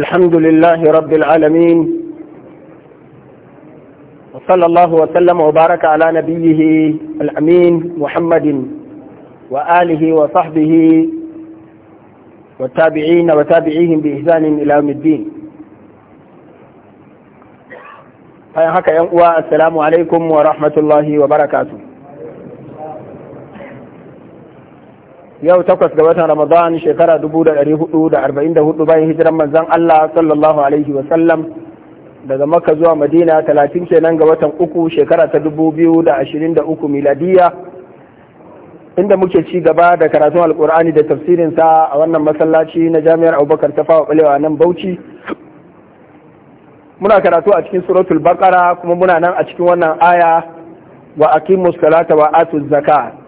الحمد لله رب العالمين وصلى الله وسلم وبارك على نبيه الأمين محمد وآله وصحبه والتابعين وتابعيهم بإحسان إلى يوم الدين فهكا ينقوى السلام عليكم ورحمة الله وبركاته yau takwas ga watan ramadan shekara dubu da ɗari hudu da arba'in da hudu bayan hijiran manzan allah sallallahu alaihi wasallam daga makka zuwa madina talatin kenan ga watan uku shekara ta dubu biyu da ashirin da uku miladiya inda muke ci gaba da karatun alkur'ani da tafsirinsa a wannan masallaci na jami'ar abubakar ta fawa balewa nan bauchi muna karatu a cikin suratul bakara kuma muna nan a cikin wannan aya wa aqimus salata wa atuz zakat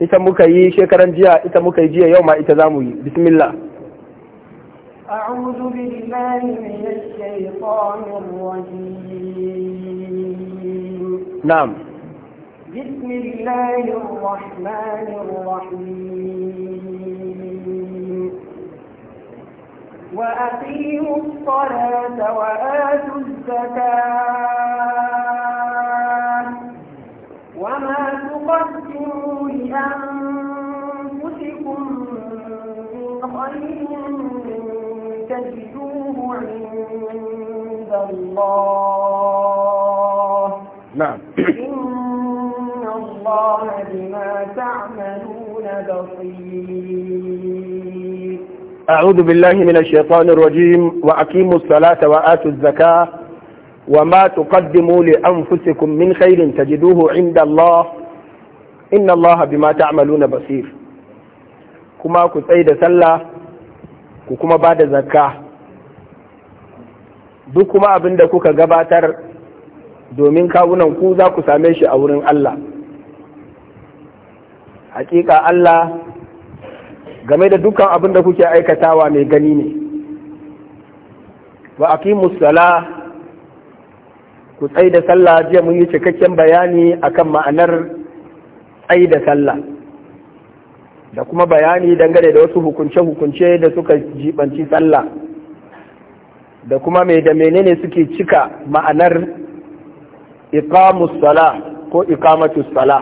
ita muka yi shekaran jiya ita muka yi jiya yau ma ita zamu yi bismillah أعوذ بالله من الشيطان الرجيم نعم بسم الله الرحمن الرحيم وأقيموا الصلاة وآتوا الزكاة وما تقدموا لأنفسكم من خير تجدوه عند الله نعم إن الله بما تعملون بصير أعوذ بالله من الشيطان الرجيم وأقيموا الصلاة وآتوا الزكاة وما تقدموا لأنفسكم من خير تجدوه عند الله إن الله بما تعملون بصير كما كتايد سلا كما بعد زكاة duk kuma abin da kuka gabatar domin kawunan ku za ku same shi a wurin Allah hakika Allah game da dukkan abin da kuke aikatawa mai gani ne wa aqimus salah ku tsai da sallah jiya mun yi cikakken bayani akan ma'anar tsai da sallah da kuma bayani dangane da wasu hukunce-hukunce da suka jibanci sallah da kuma mai da menene suke cika ma'anar iqamus sala ko iqamatus sala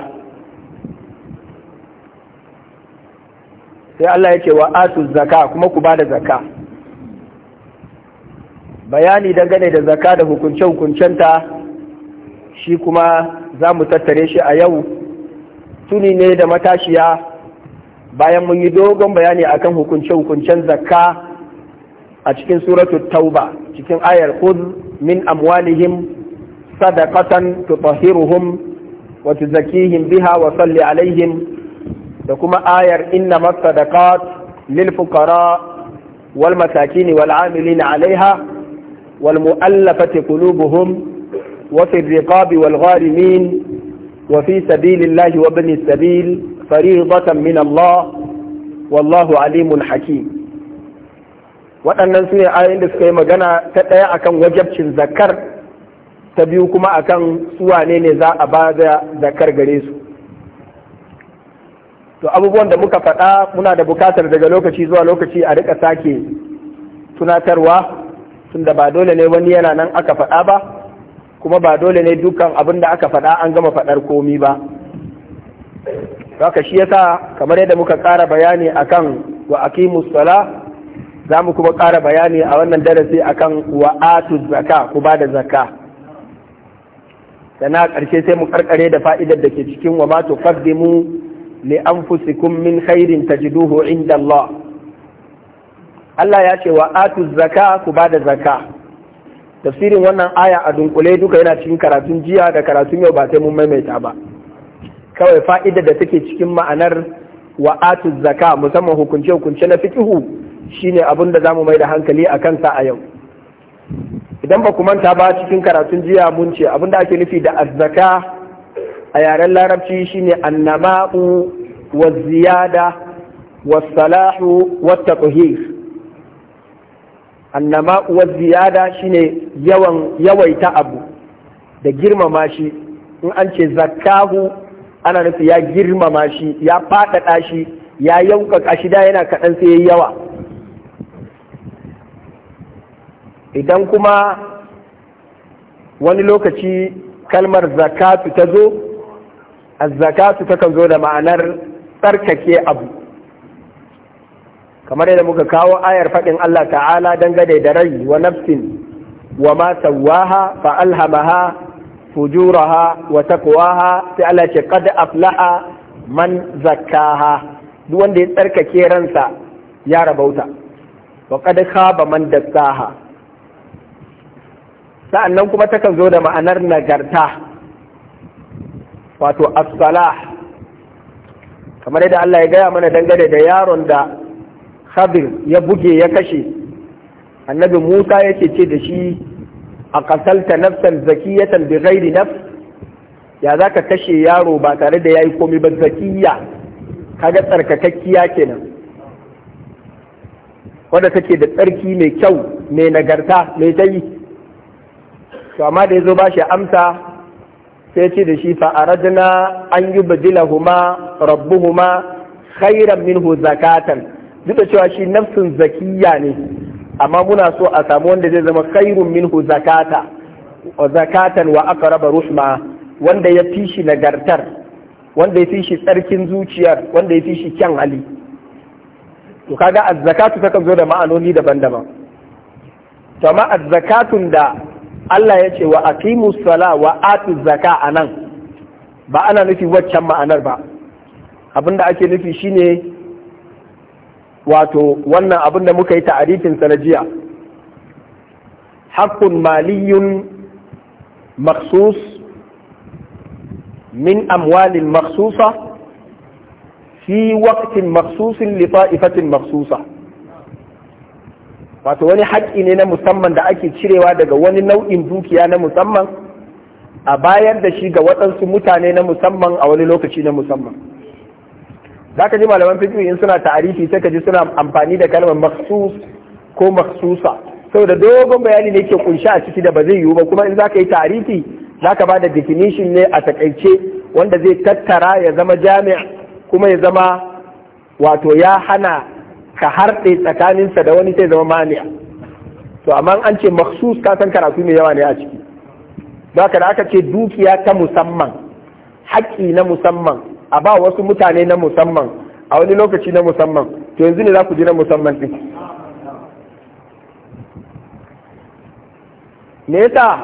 sai Allah yake ce wa zaka kuma ku bada zaka bayani dangane da zaka da hukunce-hukuncenta shi kuma za mu tattare shi a yau tuni ne da matashiya bayan mun yi dogon bayani akan hukunce-hukuncen zakka a cikin suratul tauba cikin ayar khudh min amwalihim sadaqatan tutahhiruhum wa tuzakkihim biha wa salli alaihim da kuma ayar inna masadaqat lil fuqara wal masakin wal 'amilin 'alayha والمؤلفة قلوبهم وفي الرقاب والغارمين وفي سبيل الله وابن السبيل فريضة من الله والله عليم حكيم waɗannan su ne ayoyin da suka yi magana ta ɗaya akan wajabcin zakar ta biyu kuma akan suwane ne za a ba da zakar gare su to abubuwan da muka faɗa muna da bukatar daga lokaci zuwa lokaci a rika sake tunatarwa tunda ba dole ne wani yana nan aka faɗa ba kuma ba dole ne dukkan abin da aka faɗa an gama faɗar komi ba haka shi yasa kamar yadda muka ƙara bayani akan wa aqimus sala za mu kuma ƙara bayani a wannan darasi akan wa atu zakka ku ba da zaka sana ƙarshe sai mu karkare da fa'idar da ke cikin wa ma tuqaddimu li anfusikum min khairin tajiduhu inda Allah Allah ya ce wa atu zaka ku ba da zaka tafsirin wannan aya a dunkule duka yana cikin karatun jiya da karatun yau ba sai mun maimaita ba kawai fa'idar da take cikin ma'anar wa atu zaka musamman hukunce hukunce na shi shine abin da zamu mai da hankali a kansa a yau idan ba ku manta ba cikin karatun jiya mun ce abin da ake nufi da azzaka a yaren larabci shine annama'u wa ziyada wa salahu wa taqhir annama uwar ziyada shine yawan yawaita abu da girmama shi in an ce zakahu ana nufi ya girmama shi ya faɗaɗa shi ya yauka kashi da yana kaɗan sai ya yawa idan kuma wani lokaci kalmar zakatu ta zo ta takan zo da ma'anar tsarkake abu kamar yadda muka kawo ayar faɗin Allah ta'ala dangane da rai wa nafsin wa ma sawaha fa alhamaha fujuraha wa taqwaha sai Allah ce qad aflaha man zakkaha duk wanda ya tsarkake ransa ya rabauta wa qad khaba man dassaha sa'annan kuma takan zo da ma'anar nagarta wato as kamar yadda Allah ya gaya mana dangane da yaron da Kabir ya buge ya kashe annabi musa yake ce da shi a kasalta nafsan zakiyatan bi ghairi naf ya za ka kashe yaro ba tare da ya yi komi ba zakiya kaga tsarkakakkiya kenan wadda take da tsarki mai kyau mai nagarta mai tayi to amma da ya zo ba shi amsa sai ce da shi fa aradna an yubdilahuma rabbuhuma khairan minhu zakatan duk da cewa shi nafsin zakiya ne amma muna so a samu wanda zai zama khairun minhu zakata wa zakatan wa aqraba rushma wanda ya fi shi nagartar wanda ya fi shi tsarkin zuciyar wanda ya fi shi kyan hali to kaga az-zakatu takan zo da ma'anoni daban-daban to amma az-zakatun da Allah ya ce wa aqimus sala wa atu zaka anan ba ana nufi waccan ma'anar ba abinda ake nufi shine wato wannan abin da muka yi ta'arifin sa na jiya maliyyun maliyun min amwalin أموال shi waktin وقت مخصوص ifatin maksusa wato wani haƙƙi ne na musamman da ake cirewa daga wani nau'in dukiya na musamman a bayar da shi ga waɗansu mutane na musamman a wani lokaci na musamman zaka ji malaman fiqh in suna ta'arifi sai ka ji suna amfani da kalmar maksus ko maksusa saboda dogon bayani ne ke kunshi a ciki da ba zai yiwu ba kuma in zaka yi ta'arifi zaka ba da definition ne a takaice wanda zai tattara ya zama jami'a kuma ya zama wato ya hana ka harɗe tsakaninsa da wani sai zama mani'a to amma an ce maksus ka san karatu mai yawa ne a ciki zaka da aka ce dukiya ta musamman haƙƙi na musamman a ba wasu mutane na musamman a wani lokaci na musamman to yanzu ne za ku ji na musamman ɗin me yasa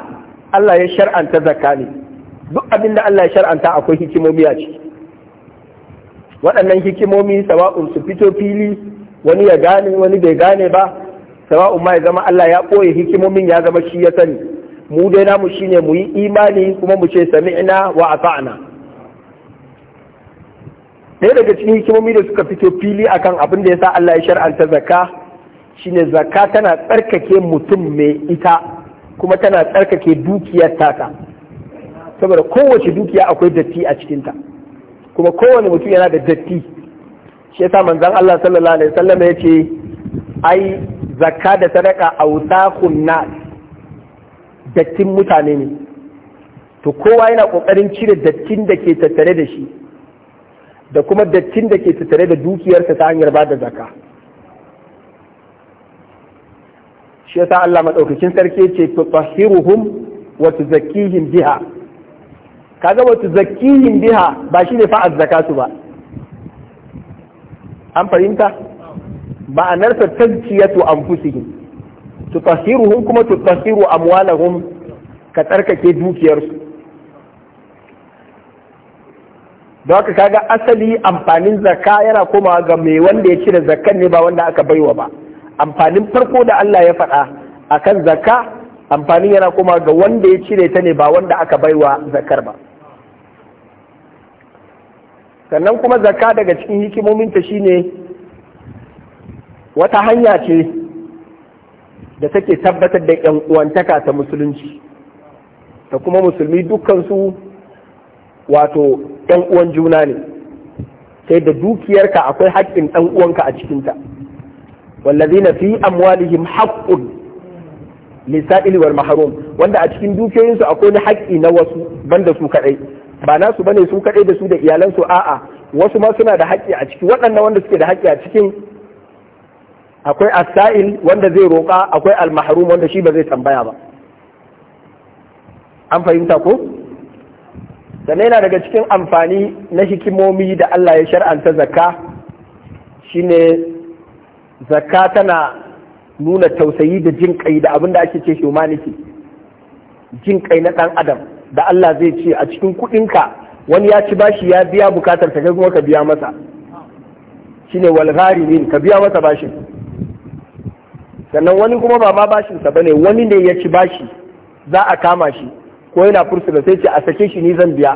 Allah ya shar'anta zakka ne duk abin da Allah ya shar'anta akwai hikimomi a ciki waɗannan hikimomi sawa'un su fito fili wani ya gane wani bai gane ba sawa'un ma ya zama Allah ya ɓoye hikimomin ya zama shi ya sani mu dai namu shine mu yi imani kuma mu ce sami'na wa ata'na ɗaya daga cikin hikimomi da suka fito fili akan abin da ya sa Allah ya shar'anta zakka shine zaka tana tsarkake mutum mai ita kuma tana tsarkake dukiyar taka saboda kowace dukiya akwai datti a cikinta kuma kowane mutum yana da datti shi yasa manzon Allah sallallahu alaihi wasallam ya ce ai zakka da sadaka awsaqun nas dattin mutane ne to kowa yana kokarin cire dattin da ke tattare da shi da kuma dattin da ke tattare da dukiyarsa ta hanyar bada zaka shi yasa Allah madaukakin sarki ce tutahhiruhum wa tuzakkihim biha kaga wa tuzakkihim biha ba shi shine fa su ba an fahimta ma'anarsa tazkiyatu anfusihim tutahhiruhum kuma tutahhiru amwalahum ka tsarkake dukiyarsu da haka kaga asali amfanin zaka yana komawa ga mai wanda ya cire zakkan ne ba wanda aka baiwa ba amfanin farko da Allah ya faɗa akan zaka amfanin yana komawa ga wanda ya cire ta ne ba wanda aka baiwa zakkar ba sannan kuma zaka daga cikin hikimomin ta shine wata hanya ce da take tabbatar da 'yan uwantaka ta musulunci da kuma musulmi dukkan su wato ɗan uwan juna ne sai da dukiyarka akwai haƙƙin ɗan uwanka a cikinta wallazina fi amwalihim haqqun lisa'ili wal mahrum wanda a cikin dukiyoyinsu akwai wani haƙƙi na wasu banda su kadai ba nasu bane su kadai da su da iyalansu a'a wasu ma suna da haƙƙi a ciki waɗannan wanda suke da haƙƙi a cikin akwai asail wanda zai roƙa akwai al-mahrum wanda shi ba zai tambaya ba an fahimta ko sannan yana daga cikin amfani na hikimomi da Allah ya shar'anta zakka shine zakka tana nuna tausayi da jin kai da abin da ake ce humanity jin kai na ɗan adam da Allah zai ce a cikin kuɗinka wani ya ci bashi ya biya bukatar ta kuma ka biya masa shine wal gharimin ka biya masa bashin sannan wani kuma ba ma bashin sa bane wani ne ya ci bashi za a kama shi ko yana fursuna sai ce a sake shi ni zan biya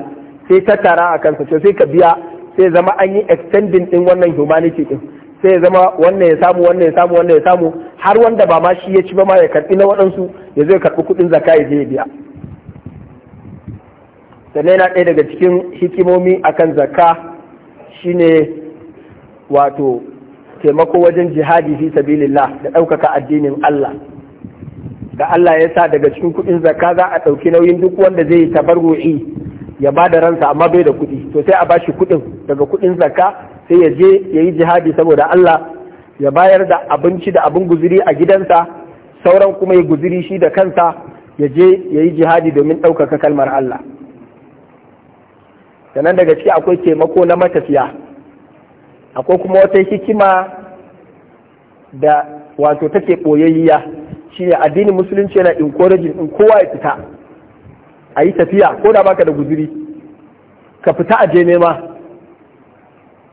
sai ta tara a kansa ce sai ka biya sai zama an yi extending din wannan humanity din sai zama wannan ya samu wannan ya samu wannan ya samu har wanda ba ma shi ya ci ba ma ya karbi na waɗansu ya zai karbi kuɗin zaka ya je biya sannan yana ɗaya daga cikin hikimomi akan zakka shine wato taimako wajen jihadi fi sabilillah da ɗaukaka addinin Allah da Allah ya sa daga cikin kuɗin zakka za a ɗauki nauyin duk wanda zai yi tabarru'i ya ba da ransa amma bai da kuɗi to sai a ba shi kuɗin daga kuɗin zakka sai ya je ya yi jihadi saboda Allah ya bayar da abinci da abin guziri a gidansa sauran kuma ya guziri shi da kansa ya je ya yi jihadi domin ɗaukaka kalmar Allah sannan daga ciki akwai taimako na matafiya akwai kuma wata hikima da wato take ɓoyayya shine addinin musulunci yana encouraging din kowa ya fita a yi tafiya ko da baka da guzuri ka fita a je nema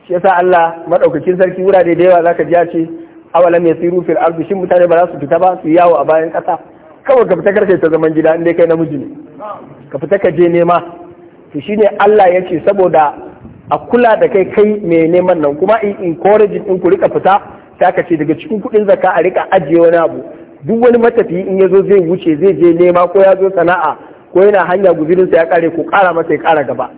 shi yasa Allah madaukakin sarki wurare da yawa zaka ji a ce awalam yasiru fil ardi shin mutane ba za su fita ba su yawo a bayan kasa kawai ka fita karkai ta zaman gida inda kai namiji ne ka fita ka je nema to shine Allah ya ce saboda a kula da kai kai mai neman nan kuma in encourage din ku rika fita ta ka ce daga cikin kuɗin zaka a rika ajiye wani abu duk wani matafi in ya zo zai wuce zai je nema ko ya zo sana'a ko yana hanya guzirinsa ya kare ko kara masa ya kara gaba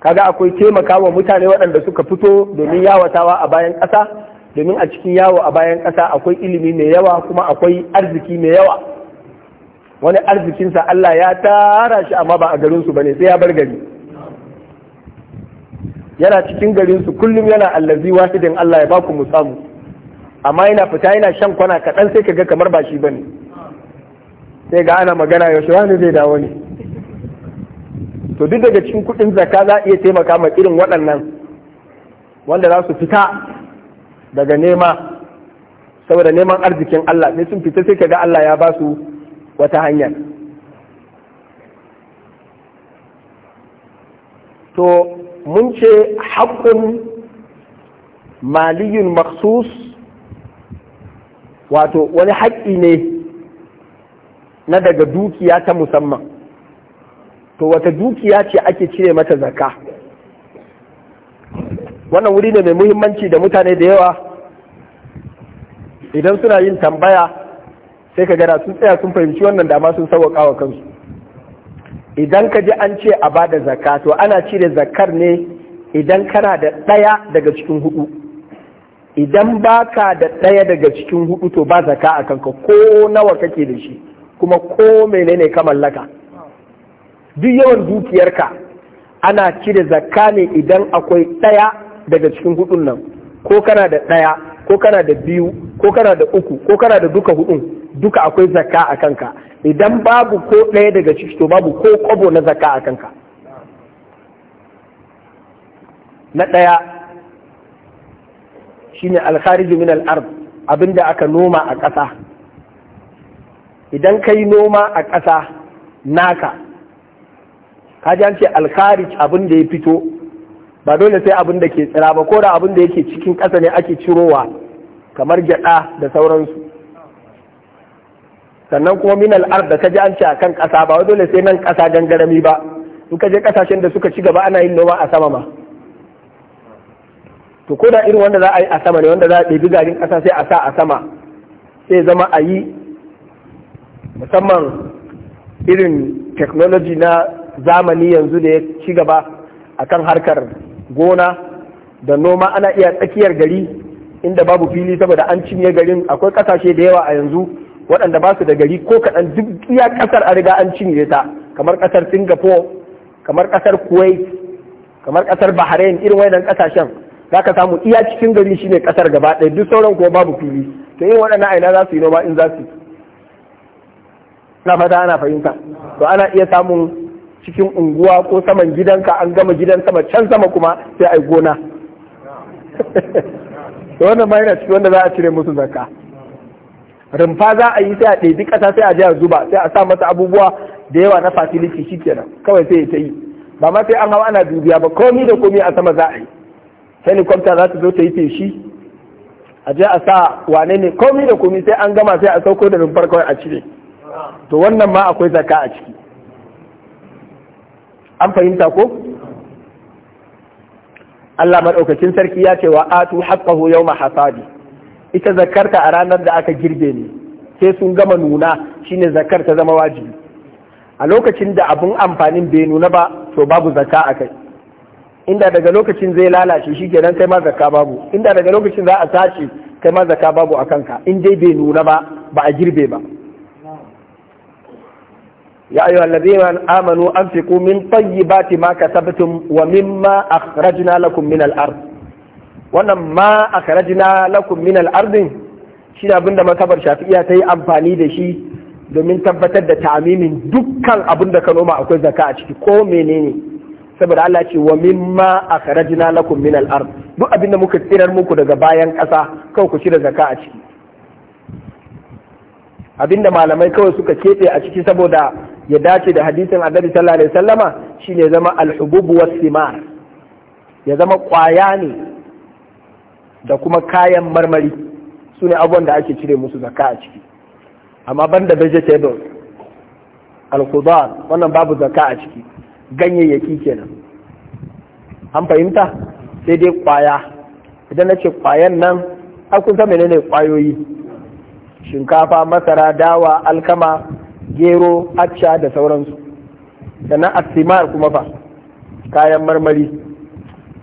kaga akwai taimaka wa mutane waɗanda suka fito domin yawatawa a bayan ƙasa domin a cikin yawo a bayan ƙasa akwai ilimi mai yawa kuma akwai arziki mai yawa wani arzikinsa Allah ya tara shi amma ba a garinsu ba ne sai ya bar gari yana cikin garinsu kullum yana allazi wahidin Allah ya baku mu samu amma yana fita yana shan kwana kaɗan sai kaga kamar ba shi bane sai ga ana magana yaushe wani zai dawo ne to duk daga cikin kuɗin zaka za a iya taimaka ma irin waɗannan wanda za su fita daga nema saboda neman arzikin Allah ne sun fita sai kaga Allah ya ba su wata hanyar to mun ce haƙƙun maliyun maksus wato wani haƙƙi ne na daga dukiya ta musamman to wata dukiya ce ake cire mata zaka wannan wuri ne mai muhimmanci da mutane da yawa idan suna yin tambaya sai ka gada sun tsaya sun fahimci wannan dama sun sauwaƙa wa kansu idan ka ji an ce a bada zaka to ana cire zakar ne idan kana da ɗaya daga cikin hudu idan baka da ɗaya daga cikin hudu to ba zaka a kanka ko nawa kake da shi kuma ko menene ka mallaka duk yawan dukiyarka ana cire zakka ne idan akwai ɗaya daga cikin hudun nan ko kana da ɗaya ko kana da biyu ko kana da uku ko kana da duka hudun duka akwai zakka a kanka idan babu ko ɗaya daga ciki to babu ko kwabo na zakka a kanka na ɗaya shine alkhariju min al abin abinda aka noma a ƙasa idan yi noma a ƙasa naka ka ji an ce alkharij abin da ya fito ba dole sai abin da ke tsira ba ko da abin da yake cikin ƙasa ne ake cirowa kamar gyaɗa da sauransu sannan kuma min al'ar da ka ji an ce a kan ƙasa ba dole sai nan ƙasa gangarami ba in ka je ƙasashen da suka ci gaba ana yin noma a sama ma to ko da irin wanda za a yi a sama ne wanda za a ɗebi garin ƙasa sai a sa a sama sai zama a yi musamman irin technology na zamani yanzu da ya ci gaba akan harkar gona da noma ana iya tsakiyar gari inda babu fili saboda an cinye garin akwai ƙasashe da yawa a yanzu waɗanda ba su da gari ko kaɗan duk iya ƙasar a riga an cinye ta kamar ƙasar singapore kamar ƙasar kuwait kamar ƙasar bahrain irin wayannan ƙasashen za ka samu iya cikin gari shine kasar gaba ɗaya duk sauran kuma babu fili to yin waɗannan aina za su yi noma in za su na fata ana fahimta to ana iya samun cikin unguwa ko saman gidanka an gama gidan sama can sama kuma sai ai gona to wannan ma yana cikin wanda za a cire musu zakka rumfa za a yi sai a ɗaiɗi ƙasa sai a je a zuba sai a sa masa abubuwa da yawa na shi kenan kawai sai ya ta yi ba ma sai an hau ana dubiya ba komi da komi a sama za a yi helicopter za ta zo ta yi feshi a je a sa wane ne komi da komi sai an gama sai a sauko da rumfar kawai a cire to wannan ma akwai zaka a ciki an fahimta ko Allah maɗaukacin sarki ya ce wa atu haqqahu yawma hasadi ita zakarta a ranar da aka girbe ne sai sun gama nuna shine zakar ta zama wajibi a lokacin da abun amfanin bai nuna ba to babu zaka akai. inda daga lokacin zai lalace shi kenan kai ma zakka babu inda daga lokacin za a sace kai ma zakka babu akan ka in dai bai nuna ba ba a girbe ba ya ayu allazina amanu anfiqu min tayyibati ma kasabtum wa mimma akhrajna lakum min al-ard wannan ma akhrajna lakum min al-ard shi abinda makabar shafi'iya ta yi amfani da shi domin tabbatar da ta'amimin dukkan abin da ka noma akwai zakka a ciki ko menene saboda Allah ce wa mimma akhrajna lakum min al-ard duk abinda muka tsirar muku daga bayan ƙasa kawai ku cire zaka a ciki abinda malamai kawai suka keɓe a ciki saboda ya dace da hadisin annabi sallallahu alaihi wasallama shine zama al-hubub simar ya zama ƙwaya ne da kuma kayan marmari su ne abubuwan da ake cire musu zaka a ciki amma banda vegetable al-khudar wannan babu zaka a ciki ganyayyaki kenan an fahimta sai dai kwaya idan na ce kwayan nan a kun ne menene kwayoyi shinkafa masara dawa alkama gero acca da sauransu sannan asimar kuma fa kayan marmari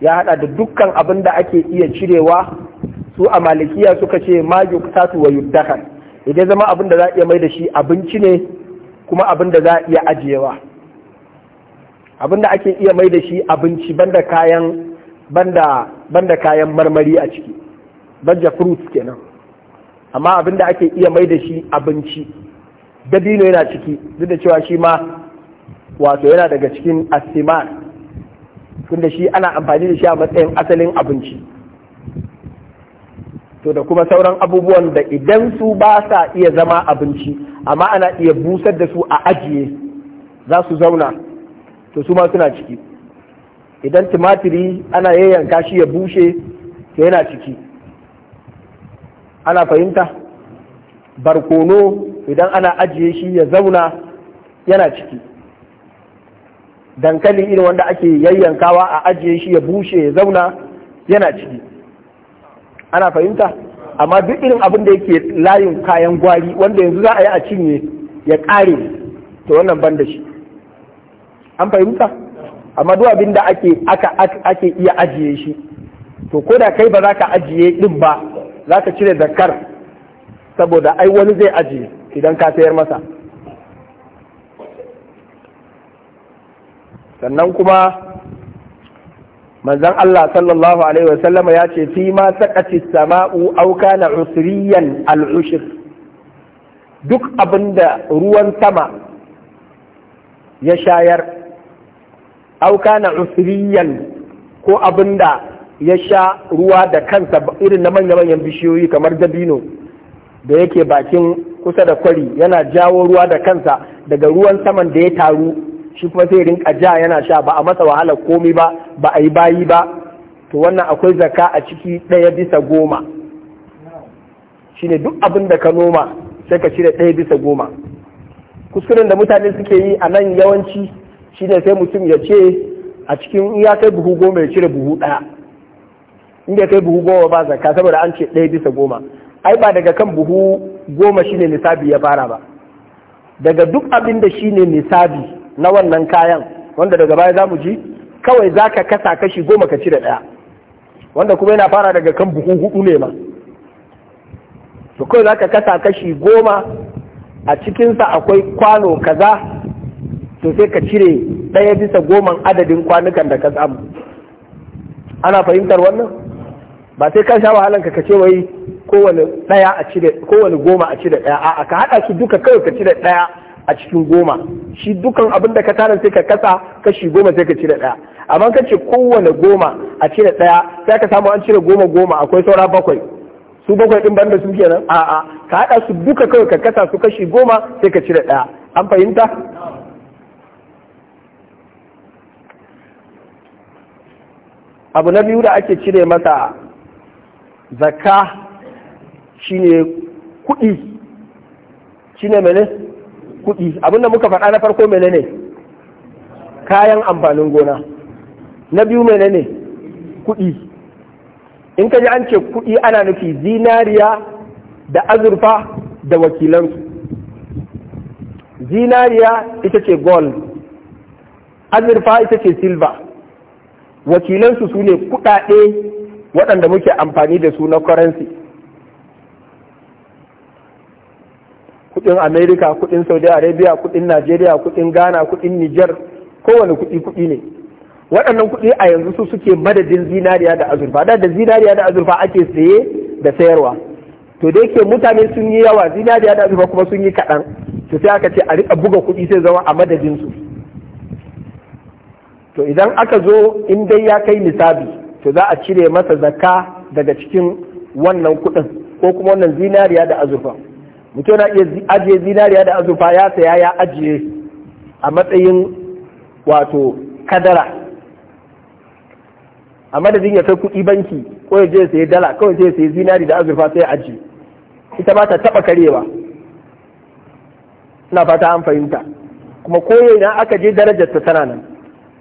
ya hada da dukkan abin da ake iya cirewa su a malikiya suka ce ma su wa yuddakar idan zama abin da za a iya mai da shi abinci ne kuma abin da za a iya ajiyewa da ake iya mai da shi abinci banda kayan kayan marmari a ciki da fruits kenan amma abinda ake iya mai da shi abinci dabino yana ciki duk da cewa shi ma wato yana daga cikin asimar tunda shi ana amfani da shi a matsayin asalin abinci to da kuma sauran abubuwan da idan su ba sa iya zama abinci amma ana iya busar da su a ajiye za su zauna to su ma suna ciki idan tumatiri ana yayyanka shi ya bushe to yana ciki ana fahimta barkono idan ana ajiye shi ya zauna yana ciki dankali irin wanda ake yayyankawa a ajiye shi ya bushe ya zauna yana ciki ana fahimta amma duk irin abin da yake layin kayan gwari wanda yanzu za a yi a cinye ya ƙare to wannan ban da shi an fahimta amma duk abin da ake ake iya ajiye shi to ko da kai ba za ka ajiye din ba za ka cire zakar saboda ai wani zai ajiye idan ka sayar masa sannan kuma manzon Allah sallallahu alaihi wasallam ya ce fi ma saqati sama'u aw kana usriyan al-ushr duk abinda ruwan sama ya shayar auka na usriyan ko abinda ya sha ruwa da kansa irin na manya-manyan bishiyoyi kamar dabino da yake bakin kusa da kwari yana jawo ruwa da kansa daga ruwan saman da ya taru shi kuma sai rinka ja yana sha ba a masa wahala komi ba ba a yi bayi ba to wannan akwai zaka a ciki ɗaya bisa goma shine duk abin da ka noma sai ka cire ɗaya bisa goma kuskuren da mutane suke yi a nan yawanci shi ne sai mutum ya ce a cikin ya kai buhu goma ya cire buhu ɗaya in ya kai buhu goma ba zakka saboda an ce ɗaya bisa goma ai ba daga kan buhu goma shi ne nisabi ya fara ba daga duk abin da ne nisabi na wannan kayan wanda daga baya za mu ji kawai za ka kasa kashi goma ka cire ɗaya wanda kuma yana fara daga kan buhu hudu ne ma to kawai za ka kasa kashi goma a cikinsa akwai kwano kaza to sai ka cire ɗaya bisa goman adadin kwanukan da ka samu ana fahimtar wannan ba sai ka sha wahalanka ka ce wai kowane ɗaya a cire kowane goma a cire ɗaya a'a ka haɗa su duka kawai ka cire ɗaya a cikin goma shi dukan abin da ka tara sai ka kasa kashi goma sai ka cire ɗaya amma ka ce kowane goma a cire ɗaya sai ka samu an cire goma goma akwai saura bakwai su bakwai ɗin banda su kenan a'a ka haɗa su duka kawai ka kasa su kashi goma sai ka cire ɗaya an fahimta abu na biyu da ake cire mata zakka shine kuɗi shine mene kuɗi abinda muka faɗa na farko mene ne kayan amfanin gona na biyu mene ne kuɗi in ka ji an ce kuɗi ana nufi zinariya da azurfa da wakilansu zinariya ita ce gold azurfa ita ce silver wakilansu su ne kuɗaɗe waɗanda muke amfani da su na currency kuɗin america kuɗin saudi arabia kuɗin nigeria kuɗin ghana kuɗin niger kowane kuɗi kuɗi ne waɗannan kuɗi a yanzu su suke madadin zinariya da azurfa da da zinariya da azurfa ake saye da sayarwa to da yake mutane sun yi yawa zinariya da azurfa kuma sun yi kaɗan to sai aka ce a riƙa buga kuɗi sai zama a madadin su to idan aka zo in dai ya kai nisabi to za a cire masa zakka daga cikin wannan kuɗin ko kuma wannan zinariya da azurfa mutum na iya ajiye zinariya da azurfa ya saya ya ajiye a matsayin wato kadara a madadin ya kai kuɗi banki ko ya je ya sayi dala kawai sai ya sayi zinari da azurfa sai ya ajiye ita ba ta taɓa karewa ina fata an fahimta kuma ko aka je darajar ta tana nan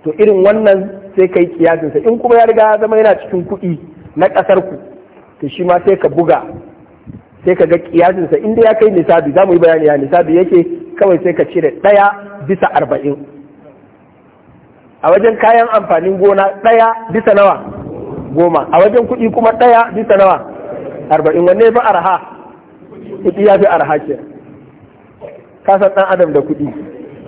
to irin wannan sai kai kiyasinsa in kuma ya riga ya zama yana cikin kuɗi na ƙasar ku to shi ma sai ka buga sai ka ga kiyasinsa Inda ya kai nisabi za mu yi bayani ya nisabi yake kawai sai ka cire ɗaya bisa arba'in a wajen kayan amfanin gona ɗaya bisa nawa goma a wajen kuɗi kuma ɗaya bisa nawa arba'in wanne ba arha kuɗi ya fi arha ke kasan ɗan adam da kuɗi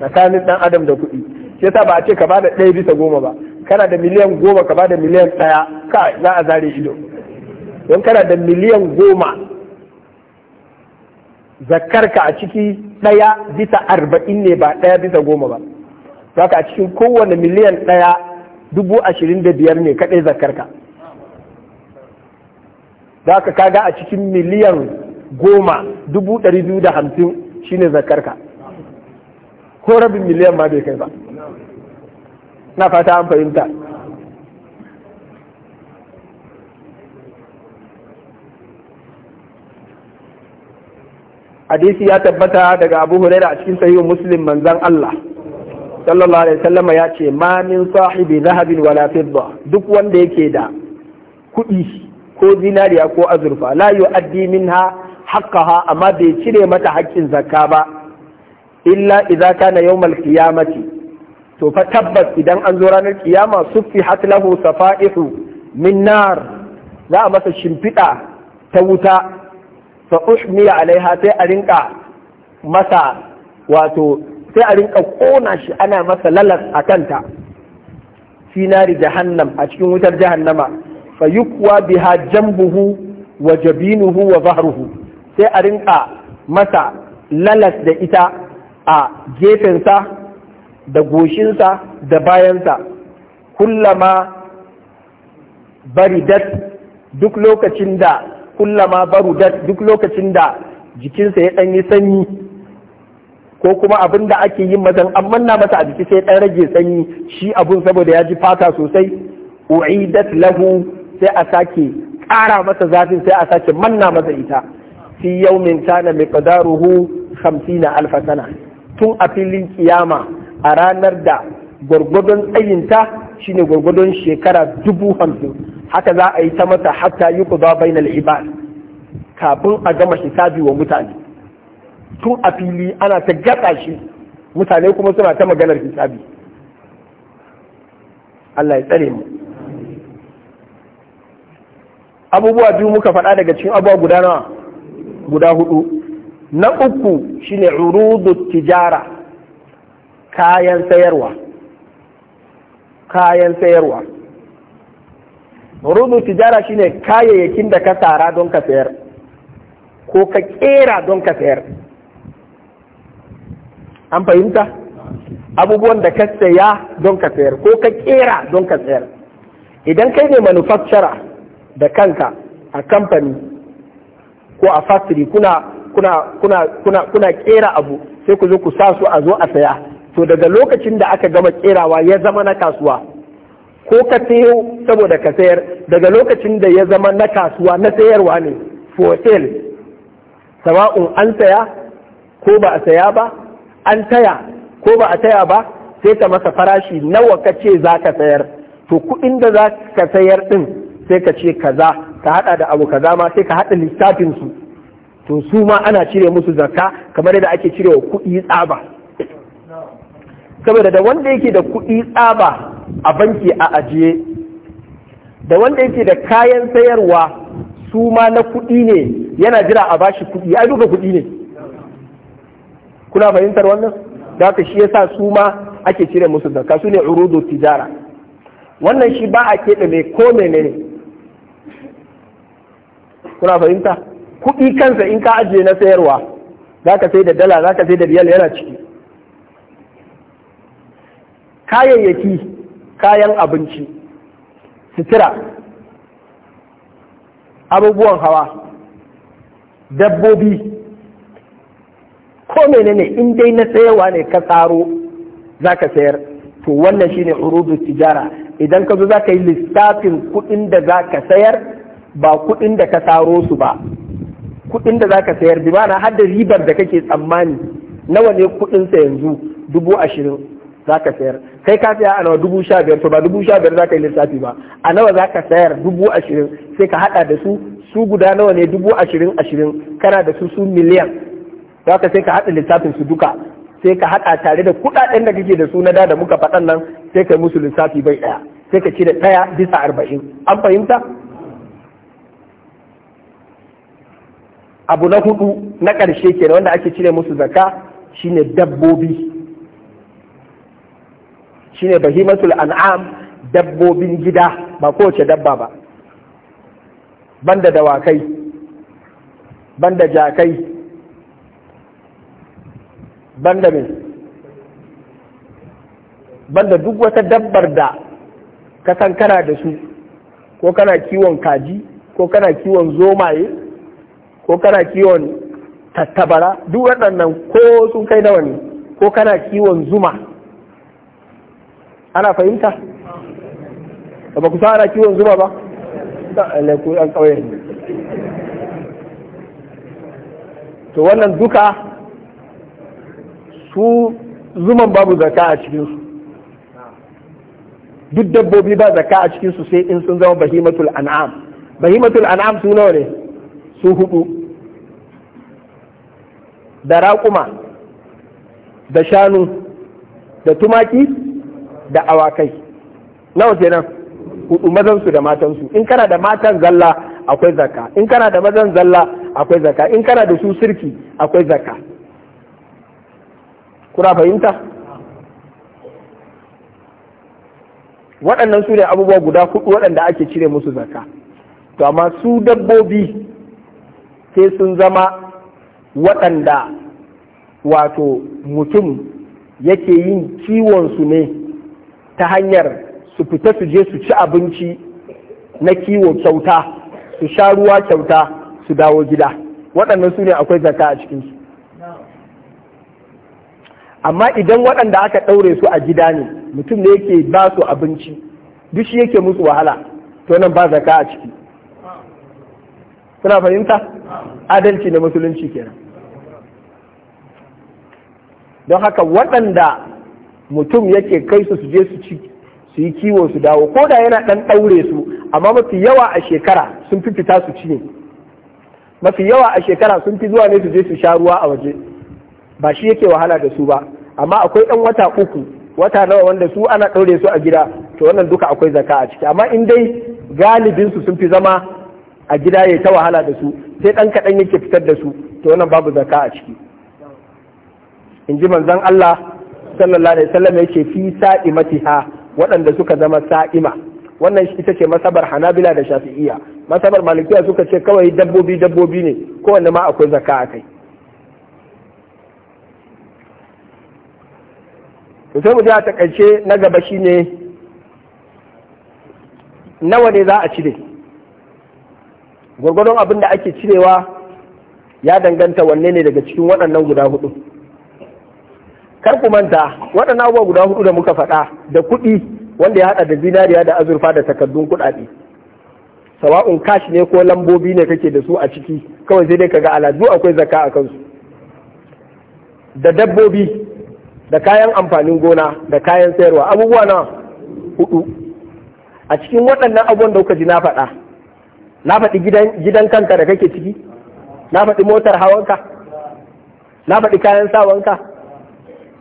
tsakanin ɗan adam da kuɗi yasa ba a ce ka bada ɗaya bisa goma ba kana da miliyan goma ka bada miliyan ɗaya ka za a zare ido don kana da miliyan goma zakarka a ciki ɗaya bisa arba'in ne ba ɗaya bisa goma ba za ka a cikin kowane miliyan ɗaya dubu ashirin da biyar ne kaɗai zakarka za ka kaga a cikin miliyan goma dubu ɗari biyu da hamsin shine zakarka ko rabin miliyan ma bai kai ba na fata an fahimta hadisi ya tabbata daga abu huraira a cikin sahihun muslim manzan Allah sallallahu alaihi wasallam ya ce ma min sahibi zahabin wala fidda duk wanda yake da kuɗi ko zinariya ko azurfa la yu'addi minha haqqaha amma bai cire mata haƙƙin zakka ba illa idza kana yawmal qiyamati to fa tabbas idan an zo ranar kiyama suffihat lahu safa'ihu min nar za a masa shimfiɗa ta wuta fa uhmiya alaiha sai a rinka masa wato sai a rinka kona shi ana masa lalas a kanta finari jahannam a cikin wutar jahannama fa yukwa biha jambuhu wa jabinuhu wa zahruhu sai a rinka masa lalas da ita a gefensa da goshinsa da bayansa kullama baridat duk lokacin da kullama barudat duk lokacin da jikinsa ya ɗanyi sanyi ko kuma abin da ake yin mazan an manna masa a jiki sai ɗan rage sanyi shi abun saboda ya ji fata sosai u'idat lahu sai a sake ƙara masa zafin sai a sake manna masa ita fi yaumin mai ƙadaruhu 50 na alfasana tun a filin kiyama a ranar da gwargwadon tsayinta shine gwargwadon shekara dubu hamsin haka za a yi ta mata hatta yi ku bainal ibad kafin a gama hisabi wa mutane tun a fili ana ta gaɗa shi mutane kuma suna ta maganar hisabi Allah ya tsare mu abubuwa biyu muka faɗa daga cikin abubuwa guda nawa guda hudu na uku shine urudu tijara kayan sayarwa kayan sayarwa rubu tijara shine kayayyakin da ka tara don ka sayar ko ka kera don ka sayar an fahimta abubuwan da ka saya don ka sayar ko ka kera don ka sayar idan kai ne manufacturer da kanka a kamfani ko a factory kuna kuna kuna kuna kera abu sai ku zo ku sa su a zo a saya to daga lokacin da aka gama kerawa ya zama na kasuwa ko ka sayo saboda ka sayar daga lokacin da ya zama na kasuwa na sayarwa ne for sale sama'un an saya ko ba a saya ba an taya ko ba a taya ba sai ka masa farashi nawa ka ce za ka sayar to kuɗin da za ka sayar ɗin sai ka ce kaza ka haɗa da abu kaza ma sai ka haɗa lissafinsu to su ma ana cire musu zakka kamar yadda ake cire wa kuɗi tsaba saboda da wanda yake da kuɗi tsaba a banki a ajiye da wanda yake da kayan sayarwa su ma na kuɗi ne yana jira a bashi kuɗi ai duka kuɗi ne kuna fahimtar wannan da haka shi yasa su ma ake cire musu zakka su ne urudu tijara wannan shi ba a keɓe mai ko menene kuna fahimta kuɗi kansa in ka ajiye na sayarwa za ka sai da dala za ka sai da riyal yana ciki kayayyaki kayan abinci sutura abubuwan hawa dabbobi ko menene in dai na sayawa ne ka tsaro za ka sayar to wannan shine urudu tijara idan ka zo za ka yi lissafin kuɗin da za ka sayar ba kuɗin da ka tsaro su ba kuɗin da za ka sayar bi mana har da ribar da kake tsammani nawa ne kuɗinsa yanzu dubu ashirin za ka sayar kai ka saya a nawa dubu sha biyar to ba dubu sha biyar za ka yi lissafi ba a nawa za ka sayar dubu ashirin sai ka haɗa da su su guda nawa ne dubu ashirin ashirin kana da su su miliyan za ka sai ka haɗa lissafin su duka sai ka haɗa tare da kuɗaɗen da kake da su na da da muka faɗan nan sai ka musu lissafi bai ɗaya sai ka cire ɗaya bisa arba'in an fahimta abu na hudu na ƙarshe kenan wanda ake cire musu zakka shine dabbobi shine bahimatul an'am dabbobin gida ba kowace dabba ba banda dawakai banda jakai banda Ban banda duk wata dabbar da ka san kana da su ko kana kiwon kaji ko kana kiwon zomaye ko kana kiwon tattabara duk waɗannan ko sun kai nawa ne ko kana kiwon zuma ana fahimta ba ku sa ana kiwon zuba ba da alaiku an to wannan duka su zuman babu zaka a cikinsu duk dabbobi ba zaka a cikinsu sai in sun zama bahimatul an'am bahimatul an'am su nawa ne su hudu da raƙuma da shanu da tumaki da awakai nawa kenan hudu mazansu da matansu in kana da matan zalla akwai zakka in kana da mazan zalla akwai zakka in kana da su sirki akwai zakka kuna fahimta waɗannan su ne abubuwa guda hudu waɗanda ake cire musu zakka to amma su dabbobi sai sun zama waɗanda wato mutum yake yin kiwon su ne ta hanyar su fita su je su ci abinci na kiwo kyauta su sha ruwa kyauta su dawo gida waɗannan su ne akwai zaka a cikinsu amma idan waɗanda aka ɗaure su a gida ne mutum ne yake ba su abinci duk shi yake musu wahala to nan ba zaka a ciki suna fahimta adalci na musulunci kenan don haka waɗanda mutum yake kai su su je su ci su yi kiwo su dawo ko da yana ɗan ɗaure su amma mafi yawa a shekara sun fi fita su ci mafi yawa a shekara sun fi zuwa ne su je su sha ruwa a waje ba shi yake wahala da su ba amma akwai ɗan wata uku wata nawa wanda su ana ɗaure su a gida to wannan duka akwai zaka a ciki amma in dai galibin su sun fi zama a gida ya ta wahala da su sai ɗan kaɗan yake fitar da su to wannan babu zaka a ciki in ji manzon Allah sallallahu alaihi wasallam yake fi sa'imatiha waɗanda suka zama sa'ima wannan ita ce masabar hanabila da shafi'iyya masabar malikiya suka ce kawai dabbobi dabbobi ne kowanne ma akwai zakka a kai to sai mu ji a takaice na gaba shine nawa ne za a cire gwargwadon abin da ake cirewa ya danganta wanne ne daga cikin waɗannan guda hudu kar ku manta waɗannan abubuwa guda hudu da muka faɗa da kuɗi wanda ya haɗa da zinariya da azurfa da takardun kuɗaɗe sawa'un kashi ne ko lambobi ne kake da su a ciki kawai sai dai ga aladu akwai zakka a kansu da dabbobi da kayan amfanin gona da kayan sayarwa abubuwa na hudu a cikin waɗannan abubuwan da kuka ji na faɗa na faɗi gidan kanka da kake ciki na faɗi motar hawanka na faɗi kayan sawanka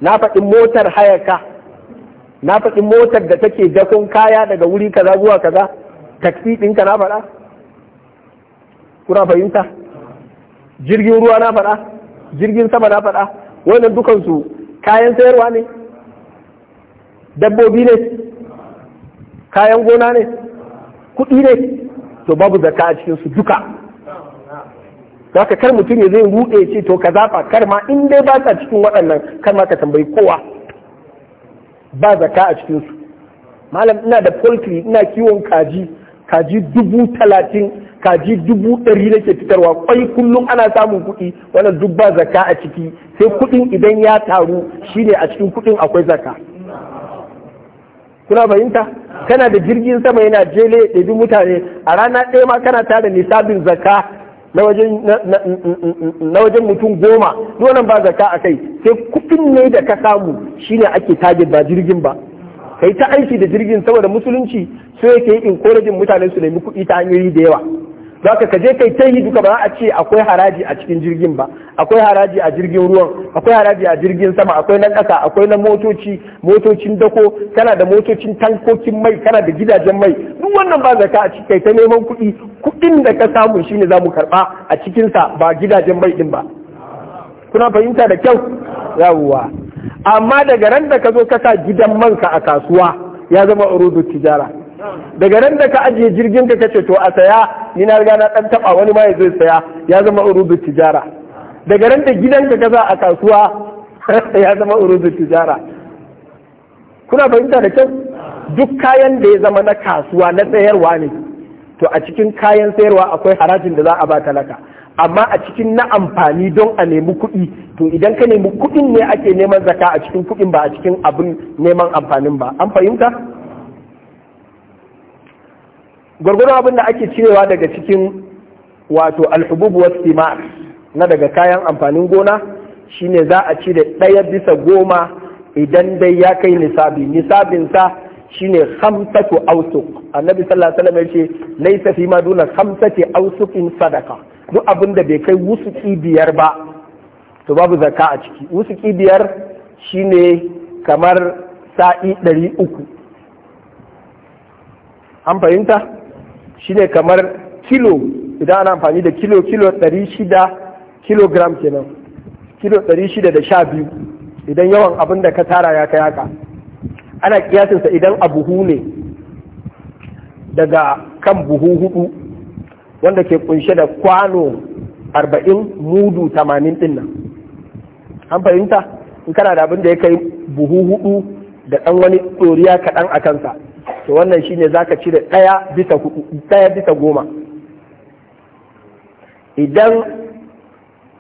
na faɗi motar hayaka na faɗi motar da take jakon kaya daga wuri kaza zuwa kaza taksi ɗinka na faɗa kuna fahimta jirgin ruwa na faɗa jirgin sama na faɗa wannan dukansu kayan sayarwa ne dabbobi ne kayan gona ne kuɗi ne to babu zakka a cikinsu duka zaka kar mutum ya zai rude ce to ka zafa kar ma in dai ba ka cikin waɗannan kar ma ka tambayi kowa ba zaka a cikin malam ina da poultry ina kiwon kaji kaji dubu talatin kaji dubu ɗari nake fitarwa kwai kullum ana samun kuɗi wannan duk ba zaka a ciki sai kuɗin idan ya taru shine a cikin kuɗin akwai zaka kuna fahimta kana da jirgin sama yana jele ɗabi mutane a rana ɗaya ma kana da nisabin zaka na wajen mutum goma nonon ba zaka a kai sai kufin ne da ka samu shine ake tage ba jirgin ba kai ta aiki da jirgin saboda musulunci so yake yi inkorajin mutane su nemi kuɗi ta hanyoyi da yawa zaka ka je kai ta yi duka ba a ce akwai haraji a cikin jirgin ba akwai haraji a jirgin ruwan akwai haraji a jirgin sama akwai na ƙasa akwai na motoci motocin dako kana da motocin tankokin mai kana da gidajen mai duk wannan ba zaka a cikin kai ta neman kuɗi kuɗin da ka samu shine za mu karɓa a sa ba gidajen mai ɗin ba kuna fahimta da kyau yawuwa amma daga ran da ka zo ka sa gidan manka a kasuwa ya zama urudu tijara daga nan da ka ajiye jirgin ka kace to a saya ni na riga na dan taba wani ma zai saya ya zama urudu tijara daga nan da gidanka ka za a kasuwa ya zama urudu tijara kuna fahimta da kyau duk kayan da ya zama na kasuwa na sayarwa ne to a cikin kayan sayarwa akwai harajin da za a ba talaka amma a cikin na amfani don a nemi kuɗi to idan ka nemi kuɗin ne ake neman zaka a cikin kuɗin ba a cikin abin neman amfanin ba an fahimta gwargwadon abin da ake cirewa daga cikin wato alhububu wasu na daga kayan amfanin gona shine za a cire ɗaya bisa goma idan dai ya kai nisabi nisabinsa shine khamsatu ausuk annabi sallallahu alaihi wasallam yace laysa fi ma duna khamsati ausukin sadaka duk abin da bai kai wusuki biyar ba to babu zakka a ciki wusuki biyar shine kamar sa'i ɗari uku an fahimta shine kamar kilo idan ana amfani da kilo kilo 600 kilogram kenan kilo 612 idan yawan abin da ka tara ya kai haka ana kiyasinsa idan a buhu ne daga kan buhu hudu wanda ke kunshe da kwano 40 mudu 80 din nan an fahimta in kana da abin da ya kai buhu hudu da ɗan wani tsoriya kaɗan a kansa to wannan shine zaka cire ɗaya bisa ɗaya bisa goma idan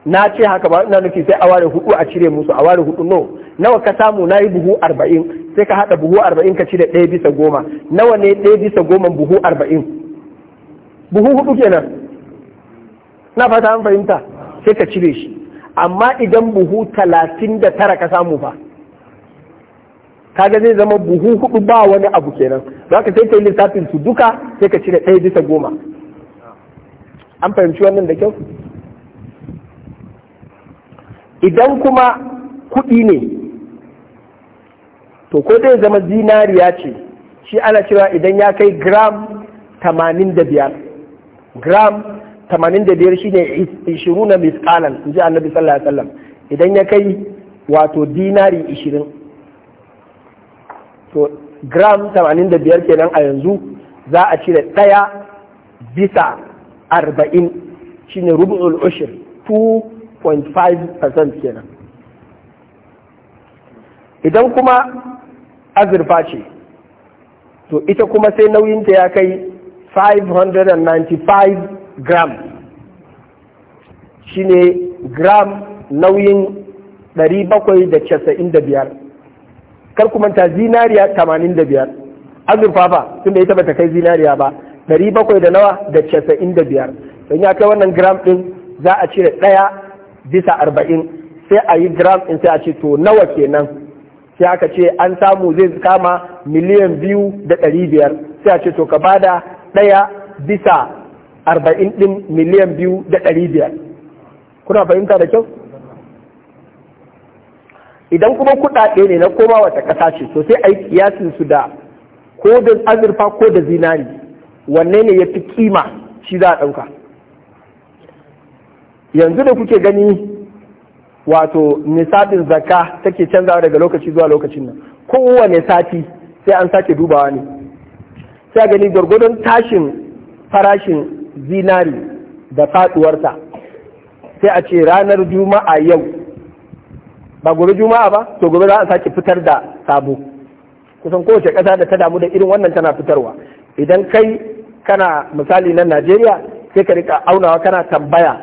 na ce haka ba ina nufi sai a hudu a cire musu a ware hudu no nawa ka samu na yi buhu arba'in sai ka haɗa buhu arba'in ka cire ɗaya bisa goma nawa ne ɗaya bisa goma buhu arba'in buhu hudu kenan na fata an fahimta sai ka cire shi amma idan buhu talatin da tara ka samu fa kaga zai zama buhu hudu ba wani abu kenan za ka sai ka yi lissafin su duka sai ka cire ɗaya bisa goma an fahimci wannan da kyau idan kuma kuɗi ne to ko zai zama zinariya ce shi ana cewa idan ya kai gram tamanin gram tamanin da biyar shine ishiru na misƙalan in ji annabi sallallahu alaihi idan ya kai wato dinari ishirin to gram 85 kenan a yanzu za a cire ɗaya bisa arba'in ne rubu'ul ushir 2.5% kenan idan kuma azurfa ce to ita kuma sai nauyinta ya kai 595 gram ne gram nauyin 795 kar ku manta zinariya tamanin da biyar azurfa tun tunda ita ta kai zinariya ba dari bakwai da nawa da casa'in da biyar don ya kai wannan gram din za a cire ɗaya bisa arba'in sai a yi gram ɗin sai a ce to nawa kenan sai aka ce an samu zai kama miliyan biyu da ɗari biyar sai a ce to ka bada ɗaya bisa arba'in din miliyan biyu da ɗari biyar kuna fahimta da kyau idan kuma kuɗaɗe ne na koma wata ƙasa ce to sai a yi kiyasin su da ko da azurfa ko da zinari wanne ne ya fi kima shi za a ɗauka yanzu da kuke gani wato nisabin zakka take canzawa daga lokaci zuwa lokacin nan kowane sati sai an sake dubawa ne sai a gani gwargwadon tashin farashin zinari da faɗuwarta sai a ce ranar juma'a yau ba gobe juma'a ba to gobe za a sake fitar da sabo kusan kowace ƙasa da ta damu da irin wannan tana fitarwa idan kai kana misali na najeriya sai ka rika aunawa kana tambaya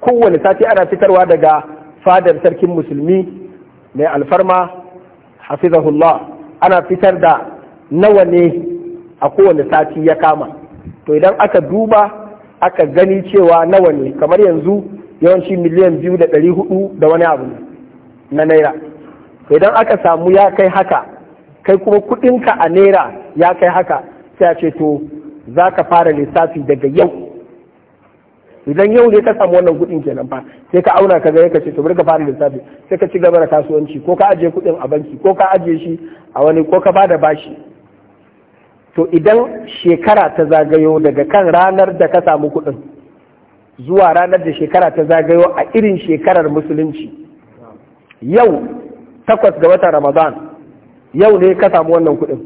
kowane sati ana fitarwa daga fadar sarkin musulmi mai alfarma hafizahullah ana fitar da nawa ne a kowane sati ya kama to idan aka duba aka gani cewa nawa ne kamar yanzu yawanci miliyan biyu da ɗari hudu da wani abu ne na naira idan aka samu ya kai haka kai kuma kudinka a naira ya kai haka sai a ce to za ka fara lissafi daga yau idan yau ne ka samu wannan kudin kenan fa sai ka auna ka ga ka ce to bari ka fara lissafi sai ka ci gaba da kasuwanci ko ka ajiye kudin a banki ko ka ajiye shi a wani ko ka bada bashi to idan shekara ta zagayo daga kan ranar da ka samu kudin zuwa ranar da shekara ta zagayo a irin shekarar musulunci yau takwas ga watan ramadan yau ne ka samu wannan kuɗin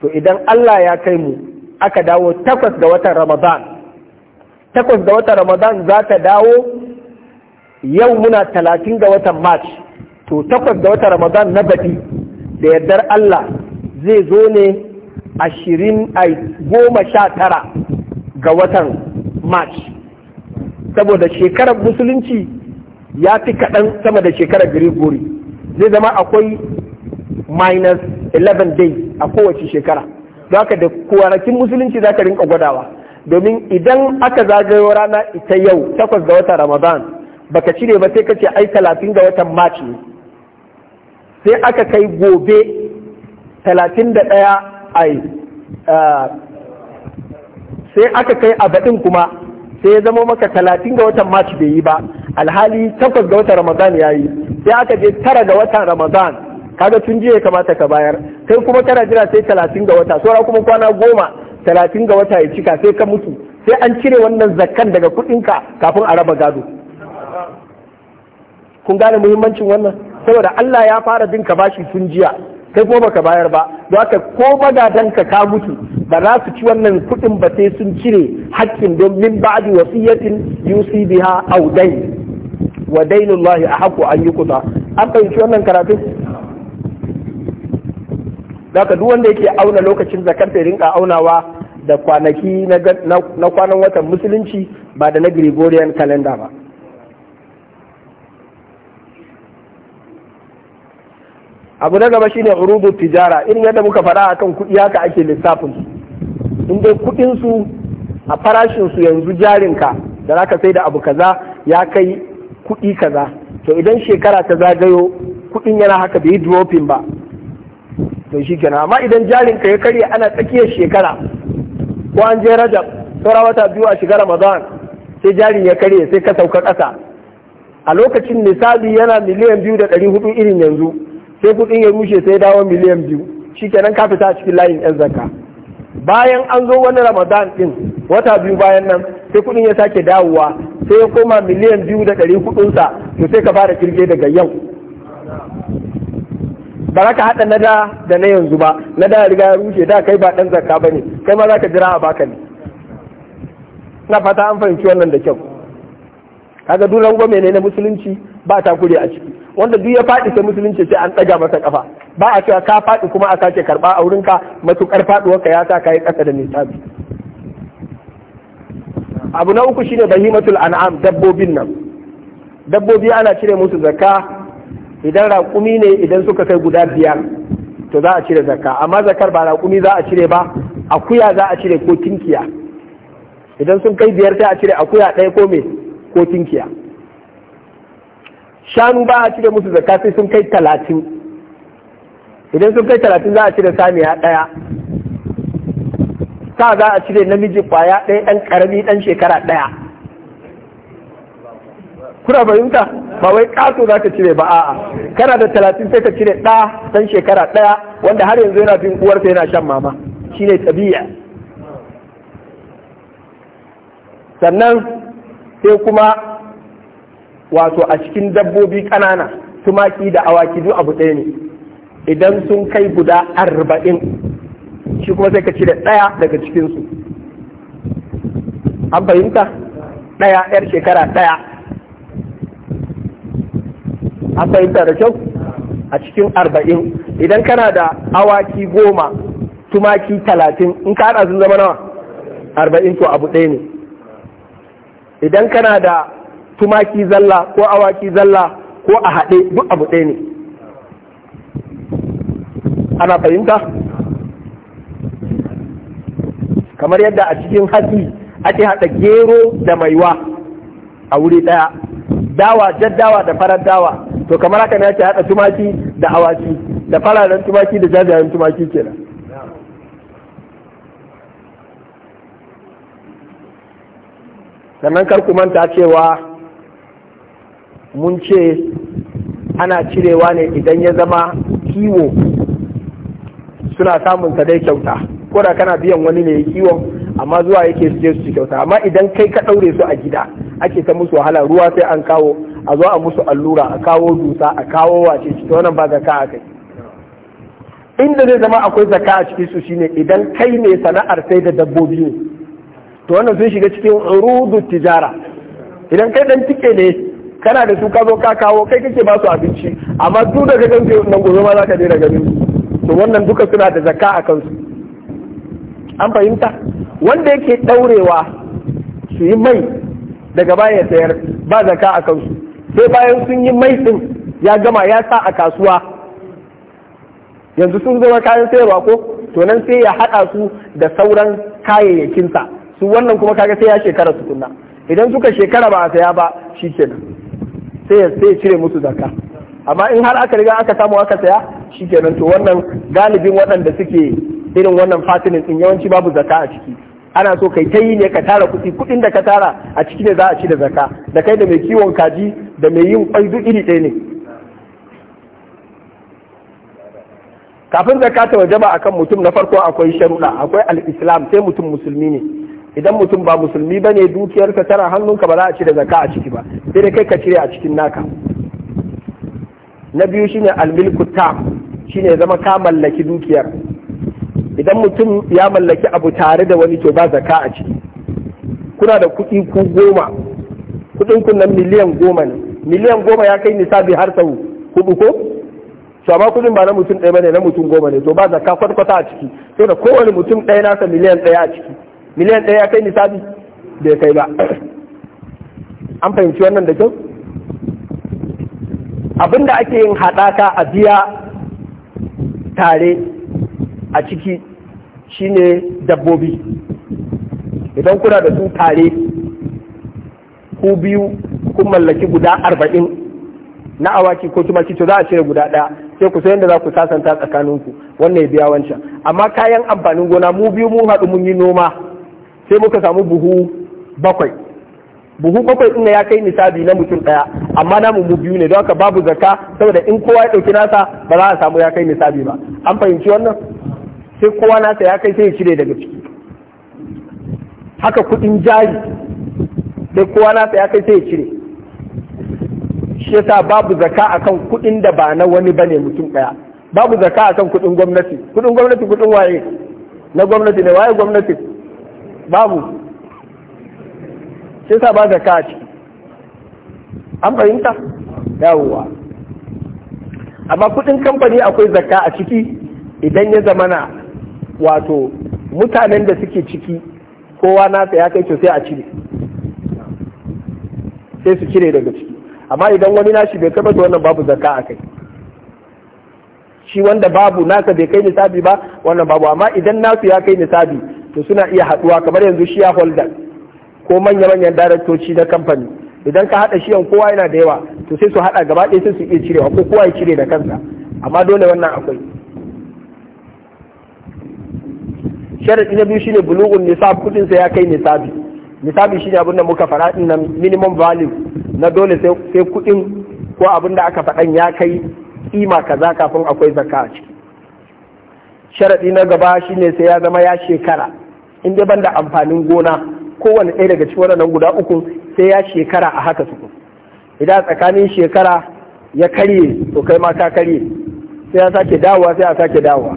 to idan Allah ya kai mu aka dawo takwas ga watan ramadan takwas ga watan ramadan za ta dawo yau muna talatin ga watan march to takwas ga watan ramadan na baɗi da yardar Allah zai zo ne ashirin a goma sha tara ga watan march saboda shekarar musulunci ya fi kaɗan sama da shekarar Gregory zai zama akwai minus 11 days a kowace shekara za ka da kwanakin musulunci za ka rinka gwadawa domin idan aka zagayo rana ita yau takwas ga watan ramadan baka cire ba sai ka ce ai talatin ga watan march ne sai aka kai gobe talatin da ɗaya sai aka kai a kuma sai ya zama maka talatin ga watan march bai yi ba alhali takwas ga watan ramadan ya yi sai aka je tara ga watan ramadan kaga tun jiya kamata ka bayar kai kuma kana jira sai talatin ga wata saura kuma kwana goma talatin ga wata ya cika sai ka mutu sai an cire wannan zakkan daga kudinka kafin a raba gado kun gane muhimmancin wannan saboda Allah ya fara bin ka bashi tun jiya kai kuma baka bayar ba don haka ko magadanka ka mutu ba za su ci wannan kudin ba sai sun cire hakkin don min ba'di wasiyatin yusi biha aw wa dainullahi a haƙo an yi kusa an fahimci wannan karatun daga duk wanda yake auna lokacin zakar ta rinka aunawa da kwanaki na kwanan watan musulunci ba da na gregorian calendar ba abu na gaba shine Urubu tijara irin yadda muka faɗa akan kuɗi haka ake lissafin su in dai kuɗin a farashinsu su yanzu jarinka da za ka sai da abu kaza ya kai kuɗi kaza to idan shekara ta zagayo kuɗin yana haka bai yi dropping ba to shi kenan amma idan jarin ka ya karya ana tsakiyar shekara ko an je rajab saura wata biyu a shiga ramadan sai jarin ya karye sai ka sauka ƙasa a lokacin misali yana miliyan biyu da ɗari hudu irin yanzu sai kuɗin ya rushe sai dawo miliyan biyu shi kenan ka fita a cikin layin yan zakka bayan an zo wani ramadan ɗin wata biyu bayan nan sai kuɗin ya sake dawowa sai ya koma miliyan biyu da ɗari kuɗinsa to sai ka fara kirge daga yau ba za ka haɗa na da da na yanzu ba na da riga ya rushe da kai ba ɗan zakka ba ne kai ma za ka jira a baka ne na fata an fahimci wannan da kyau kaga duk rango mene na musulunci ba ta kure a ciki wanda duk ya faɗi sai musulunci sai an ɗaga masa kafa ba a cewa ka faɗi kuma a sake karɓa a wurinka matuƙar ka ya sa ka yi ƙasa da nisabi abu na uku shine bahimatul an'am dabbobin nan dabbobi ana cire musu zakka idan raƙumi ne idan suka kai guda biyar to za a cire zakka amma zakar ba raƙumi za a cire ba akuya za a cire ko tinkiya idan sun kai biyar sai a cire akuya ɗaya ko me ko tinkiya shanu ba a cire musu zakka sai sun kai talatin idan sun kai talatin za a cire saniya ɗaya Sa za a cire namiji kwaya ɗaya ɗan ƙarami ɗan shekara ɗaya kuna fahimta ba wai ƙaso za ka cire ba a'a kana da talatin sai ka cire ɗa ɗan shekara ɗaya wanda har yanzu yana bin uwarsa yana shan mama Shi ne tabiya. sannan sai kuma wato a cikin dabbobi ƙanana tumaki da awaki duk abu ɗaya ne idan sun kai guda arba'in shi kuma sai ka cire ɗaya daga cikinsu an fahimta ɗaya yar shekara ɗaya an fahimta da kyau a cikin arba'in idan kana da awaki goma tumaki talatin in ka haɗa sun zama nawa arba'in to abu ɗaya ne idan kana da tumaki zalla ko awaki zalla ko a haɗe duk abu ɗaya ne ana fahimta kamar yadda a cikin hatsi ake haɗa gero da maiwa a wuri ɗaya dawa jaddawa da farar dawa to kamar haka ne ake haɗa tumaki da awaki da fararen tumaki da jajayen tumaki kenan sannan karku manta cewa mun ce ana cirewa ne idan ya zama kiwo suna samun dai kyauta ko da kana biyan wani ne kiwon amma zuwa yake su je su kyauta amma idan kai ka ɗaure su a gida ake ta musu wahala ruwa sai an kawo a zo a musu allura a kawo dusa a kawo wace to wannan ba zaka a kai inda zai zama akwai zaka a cikin su shine idan kai ne sana'ar sai da dabbobi ne to wannan sun shiga cikin urudu tijara idan kai dan tike ne kana da su ka zo ka kawo kai kake ba su abinci amma duk daga kan nan gobe ma zaka je daga ganin to wannan duka suna da zaka a kansu an fahimta wanda yake ɗaurewa su yi mai daga baya sayar ba zaka a kansu sai bayan sun yi mai ɗin ya gama ya sa a kasuwa yanzu sun zama kayan sayarwa ko to sai ya haɗa su da sauran kayayyakinsa su wannan kuma kaga sai ya shekara su kunna idan suka shekara ba a saya ba shi kenan sai ya cire musu zakka amma in har aka riga aka samu aka saya shi kenan to wannan galibin waɗanda suke irin wannan fatinin din yawanci babu zaka a ciki ana so kai ta yi ne ka tara kuɗi kuɗin da ka tara a ciki ne za a ci da zaka da kai da mai kiwon kaji da mai yin kwai duk iri ɗaya ne kafin zaka ta wajaba akan mutum na farko akwai sharuɗa akwai al-islam sai mutum musulmi ne idan mutum ba musulmi ba ne dukiyarka tana hannunka ba za a ci da zaka a ciki ba sai dai kai ka cire a cikin naka na biyu shine al-milku tam shine zama ka mallaki dukiyar idan mutum ya mallaki abu tare da wani to ba zaka a ciki kuna da kuɗi ku goma kuɗin ku nan miliyan goma ne miliyan goma ya kai nisabi har sau hudu ko to amma kuɗin ba na mutum ɗaya bane na mutum goma ne to ba zaka kwatkwata a ciki to da kowane mutum ɗaya nasa miliyan ɗaya a ciki miliyan ɗaya ya kai nisabi bai kai ba an fahimci wannan da kyau abinda ake yin haɗaka a biya tare a ciki shine dabbobi idan kuna da su tare ku biyu kun mallaki guda arba'in na awaki ko tumaki to za a cire guda ɗaya sai ku sayan da za ku sasanta tsakaninku wannan ya biya wancan amma kayan amfanin gona mu biyu mun haɗu mun yi noma sai muka samu buhu bakwai buhu bakwai ɗin ya kai nisabi na mutum ɗaya amma namu mu biyu ne don haka babu zakka saboda in kowa ya ɗauki nasa ba za a samu ya kai nisabi ba an fahimci wannan sai kowa nasa ya kai sai ya cire daga ciki haka kudin jari sai kowa nasa ya kai sai ya cire shi yasa babu zaka akan kudin da ba na wani bane mutum daya babu zaka akan kudin gwamnati kudin gwamnati kudin waye na gwamnati ne waye gwamnati babu shi yasa ba zaka a ciki an fahimta yawwa amma kudin kamfani akwai zaka a ciki idan ya zamana wato mutanen da suke ciki kowa nasa ya kai to sai a cire sai su cire daga ciki amma idan wani nashi bai kai wannan babu zakka a kai shi wanda babu nasa bai kai nisabi ba wannan babu amma idan nasu ya kai nisabi to suna iya haduwa kamar yanzu ya holder ko manya-manyan daraktoci na kamfani idan ka hada shiyan kowa yana da yawa to sai su hada gaba ɗaya sai su iya cirewa ko kowa ya cire da kansa amma dole wannan akwai sharadi na biyu shine bulugun nisab kudin ya kai nisabi nisabi shine abin da muka fara din nan minimum value na dole sai kudin ko abin aka faɗan ya kai kima kaza kafin akwai zakka a ciki sharadi na gaba shine sai ya zama ya shekara in dai banda amfanin gona kowane ɗaya daga cikin waɗannan guda uku sai ya shekara a haka su idan tsakanin shekara ya karye to kai ma ka karye sai ya sake dawowa sai a sake dawowa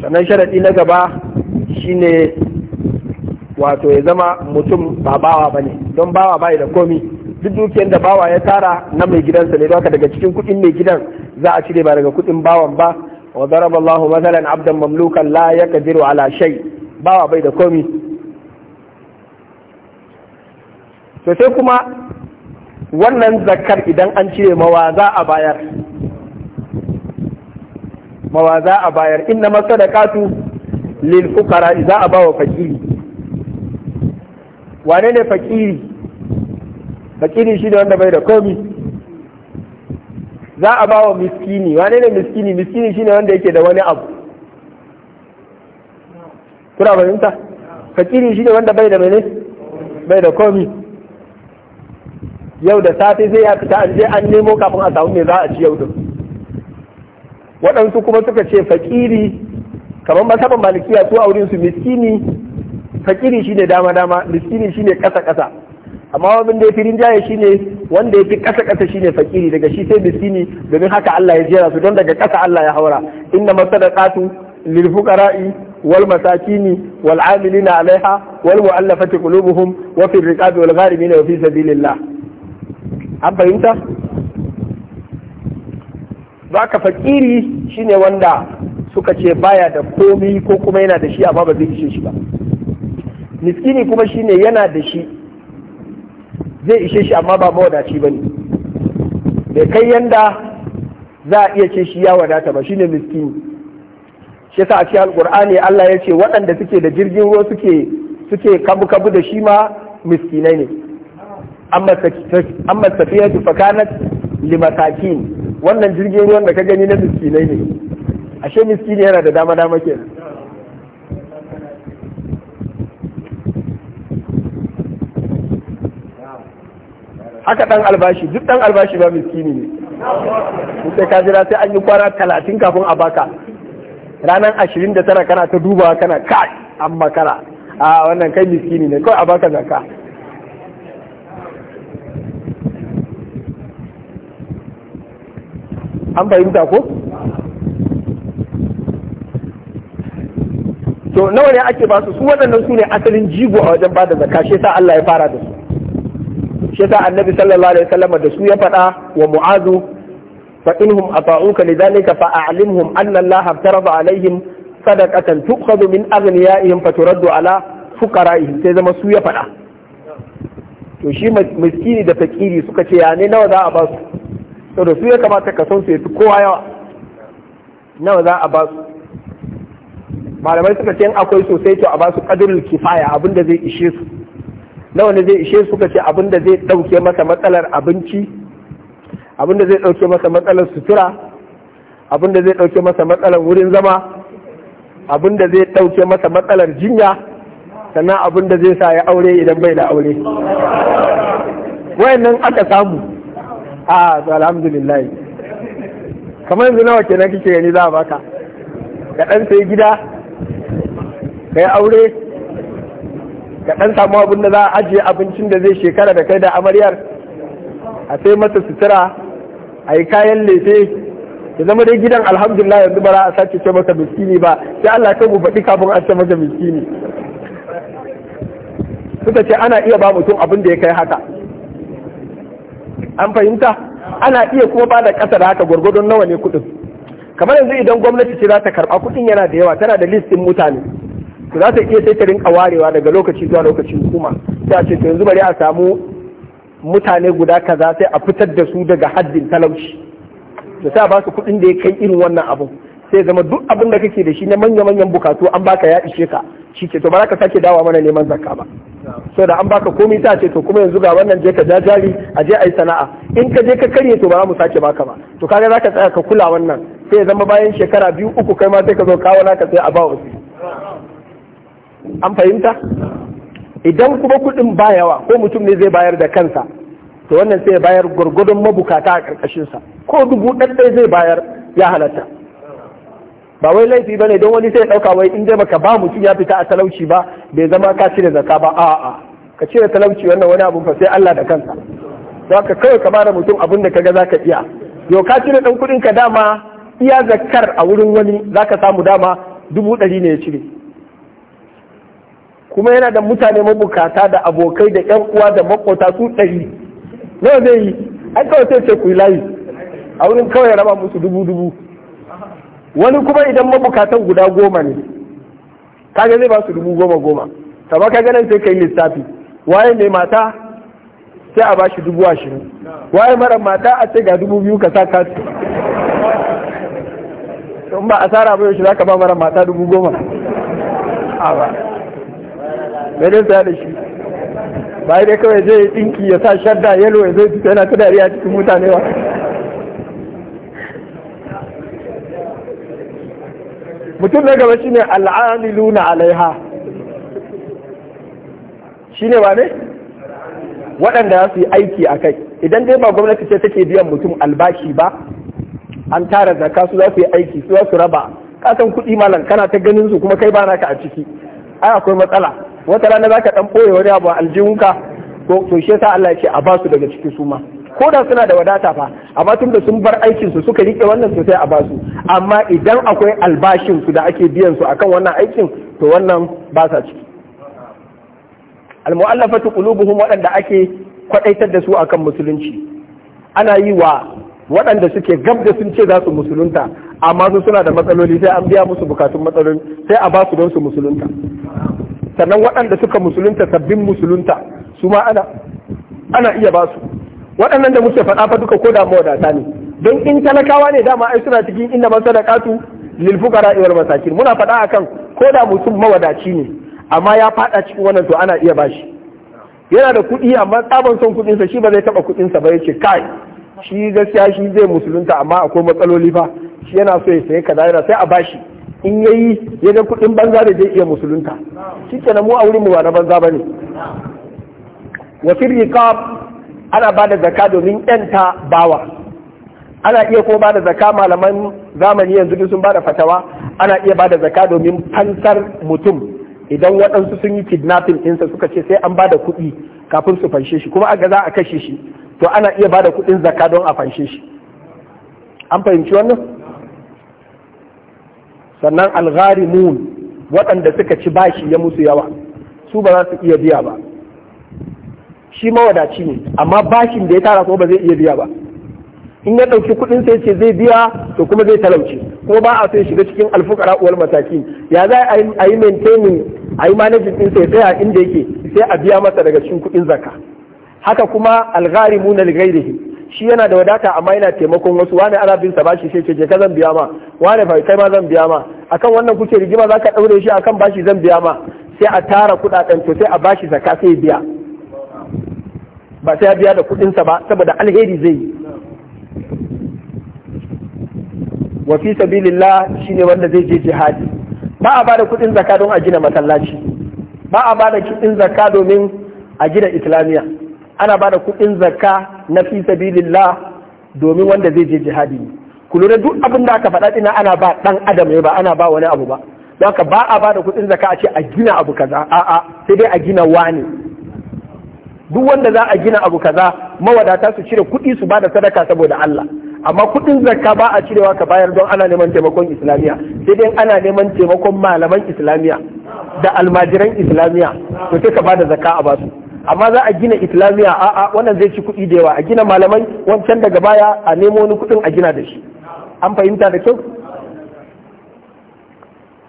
sannan sharaɗi na gaba shine wato ya zama mutum ba bawa ba ne don bawa bai da komi duk dukiyar da bawa ya tara na mai gidansa ne haka daga cikin kuɗin mai gidan za a cire ba daga kuɗin bawan ba wa daraba Allahu mathalan abdan mamlukan la yaqdiru ala shay bawa bai da komi to kuma wannan zakar idan an cire mawa za a bayar mawa za a bayar inna katu lil fukara za a bawa fakiri wane ne fakiri fakiri shi da wanda bai da komi za a bawa miskini wane ne miskini miskini shi ne wanda yake da wani abu kuna fahimta fakiri shi ne wanda bai da mene bai da komi yau da safe zai ya fita an je an nemo kafin a samu me za a ci yau da waɗansu kuma suka ce fakiri kamar masaban malikiya su aurin su miskini fakiri shine dama dama miskini shine kasa kasa amma abin da ya fi rinjaye shine wanda ya fi ƙasa kasa shine fakiri daga shi sai miskini domin haka Allah ya jera su don daga kasa Allah ya haura inna masadaqatu lil fuqara'i wal masakini wal amilina alaiha wal mu'allafati qulubuhum wa fi riqabi wal gharimina wa fi sabilillah an fahimta za ka fakiri shine wanda suka ce baya da komi ko kuma yana da shi amma ba zai ishe shi ba miskini kuma shine yana da shi zai ishe shi amma ba mawadaci ba ne bai kai yanda za a iya ce shi ya wadata ba shine miskini shi sa a ce alkur'ani Allah ya ce waɗanda suke da jirgin ruwa suke suke kabu kabu da shi ma miskinai ne amma safiyatu fakanat Limatakin. wannan jirgin ruwan da ka gani na miskinai ne ashe miskini yana da dama dama kenan haka dan albashi duk dan albashi ba miskini ne sai ka jira sai an yi kwana talatin kafin a baka ranar ashirin da tara kana ta dubawa kana kai an makara a ah, wannan kai miskini ne kawai a baka zaka an fahimta ko to nawa ne ake basu su waɗannan su ne asalin jigo a wajen bada zaka shi sa Allah ya fara da su shi annabi sallallahu alaihi wasallam da su ya faɗa wa mu'azu fa inhum ata'uka lidhalika fa a'limhum anna Allah farada alaihim sadaqatan tu'khadhu min aghniyaihim faturaddu ala fuqara'ihim sai zama su ya faɗa to shi miskini da fakiri suka ce ya ne nawa za a ba su saboda su ya kamata ka san su yafi kowa yawa nawa za a ba su malamai suka ce akwai sosai to a ba su kadirin kifaya abin da zai ishe su nawa ne zai ishe su suka ce abin da zai dauke masa matsalar abinci abin da zai dauke masa matsalar sutura abin da zai dauke masa matsalar wurin zama abin da zai dauke masa matsalar jinya sannan abin da zai sa ya aure idan bai da aure wayannan aka samu a alhamdulillah kamar yanzu nawa kenan kike gani za a baka ka dan sai gida kai aure ka dan samu abin da za a ajiye abincin da zai shekara da kai da amaryar a sai mata sutura a yi kayan lefe ya zama dai gidan alhamdulillah yanzu ba za a sace ce maka miskini ba sai Allah ka faɗi kafin a ce maka miskini suka ce ana iya ba mutum abin da ya kai haka an fahimta ana iya kuma ba da kasa da haka gwargwadon nawa ne kuɗin kamar yanzu idan gwamnati ce za ta karɓa kuɗin yana da yawa tana da listin mutane to za ta iya sai ta rinka warewa daga lokaci zuwa lokaci hukuma sai a ce ta yanzu bari a samu mutane guda kaza sai a fitar da su daga haddin talauci to sai a ba su kuɗin da ya kai irin wannan abu sai zama duk abin da kake da shi na manya-manyan bukatu an baka ya ishe ka shi ce to ba za ka sake dawa mana neman zakka ba so da an baka komai ta ce to kuma yanzu ga wannan je ka ja a je ai sana'a in ka je ka karye to ba za mu sake baka ba to kaga za ka tsaya ka kula wannan sai ya zama bayan shekara biyu uku kai ma sai ka zo kawo naka sai a ba wasu an fahimta idan kuma kuɗin ba yawa ko mutum ne zai bayar da kansa to wannan sai ya bayar gwargwadon mabukata a ƙarƙashinsa ko dubu ɗaɗɗai zai bayar ya halatta ba wai laifi bane don wani sai dauka wai in dai baka ba mutum ya fita a talauci ba bai zama ka cire zakka ba a'a ka cire talauci wannan wani abu fa sai Allah da kansa don ka kawai ka bada mutum abin da ka kaga zaka iya yo ka cire dan kudin ka dama iya zakkar a wurin wani zaka samu dama dubu ɗari ne ya cire kuma yana da mutane mabukata da abokai da ƴan uwa da makota su ɗari nawa zai yi ai kawai sai ce ku yi layi a wurin kawai ya raba musu dubu dubu wani kuma idan mabukatan guda goma ne kaga zai ba su dubu goma goma kama ka ganin sai ka yi lissafi waye mai mata sai a ba shi dubu ashirin waye mara mata a ce ga dubu biyu ka sa kasu in ba asara ba yaushe za ka ba mara mata dubu goma a ba mai dai da shi ba dai kawai zai dinki ya sa shadda yalo ya zai fita yana ta dariya cikin mutane ba mutum na gaba shine al'amiluna alaiha shine ba ne waɗanda za su yi aiki a kai idan dai ba gwamnati ce take biyan mutum albashi ba an tara zaka su za su yi aiki su za su raba kasan kuɗi malam kana ta ganin su kuma kai ba naka a ciki ai akwai matsala wata rana za ka ɗan ɓoye wani abu a aljihunka to shi sa Allah ya ce a basu daga ciki su ma ko da suna da wadata fa amma tun da sun bar aikinsu, suka riƙe wannan sosai a basu amma idan akwai albashin su da ake biyan su akan wannan aikin to wannan ba sa ciki almu'allafatu qulubuhum waɗanda ake kwadaitar da su akan musulunci ana yi wa waɗanda suke gab da sun ce za su musulunta amma su suna da matsaloli sai an biya musu bukatun matsaloli sai a basu su don su musulunta sannan waɗanda suka musulunta sabbin musulunta su ma ana ana iya basu. waɗannan da muke faɗa fa duka ko da mawadata ne don in talakawa ne dama ai suna cikin inda man sadaqatu lil fuqara wal masakin muna faɗa akan ko da mutum mawadaci ne amma ya faɗa cikin wannan to ana iya bashi yana da kuɗi amma tsaban son kuɗinsa shi ba zai taɓa sa ba yace kai shi gaskiya shi zai musulunta amma akwai matsaloli fa shi yana so ya sayi kaza yana sai a bashi in yayi ya ga kuɗin banza da zai iya musulunta shi kenan mu a wurin mu ba na banza bane wa ana ba da zaka domin yanta bawa ana iya ko ba da zaka malaman zamani yanzu sun ba da fatawa ana iya ba da zaka domin fansar mutum idan waɗansu sun yi kidnapping ɗinsa suka ce sai an ba da kuɗi kafin su fanshe shi kuma aga za a kashe shi to ana iya ba da kuɗin zaka don a fanshe shi an fahimci wannan sannan algharimun waɗanda suka ci bashi ya musu yawa su ba za su iya biya ba shi mawadaci ne amma bashin da ya tara ko ba zai iya biya ba in ya ɗauki kuɗin sai ce zai biya to kuma zai talauci. kuma ba a so ya shiga cikin alfukara uwal mataki ya za a yi maintaining a yi manajin din sai tsaya inda yake sai a biya masa daga cikin kuɗin zakka haka kuma algari muna lighairihi shi yana da wadata amma yana taimakon wasu wani ana bin sa bashi sai ce ka zan biya ma wani fa kai ma zan biya ma akan wannan kuce rigima zaka ɗaure shi akan bashi zan biya ma sai a tara kuɗaɗen to sai a bashi zakka sai biya ba sai ya biya da kuɗinsa ba saboda alheri zai yi wa fi sabilillah shine wanda zai je jihadi ba a bada kuɗin zakka don a gina masallaci ba a bada kuɗin zakka domin a gina islamiyya ana bada kuɗin zakka na fi sabilillah domin wanda zai je jihadi ku lura duk abin da aka faɗa dina ana ba dan adam ne ba ana ba wani abu ba don ba a bada kuɗin zakka a ce a gina abu kaza a'a sai dai a gina wani duk wanda za a gina abu kaza mawadata su cire kuɗi su bada sadaka saboda Allah amma kuɗin zakka ba a cirewa ka bayar don ana neman taimakon islamiya sai dai ana neman taimakon malaman islamiya da almajiran islamiya to sai ka bada zakka a basu amma za a gina islamiya a a wannan zai ci kuɗi da yawa a gina malamai wancan daga baya a nemo wani kuɗin a gina da shi an fahimta da kyau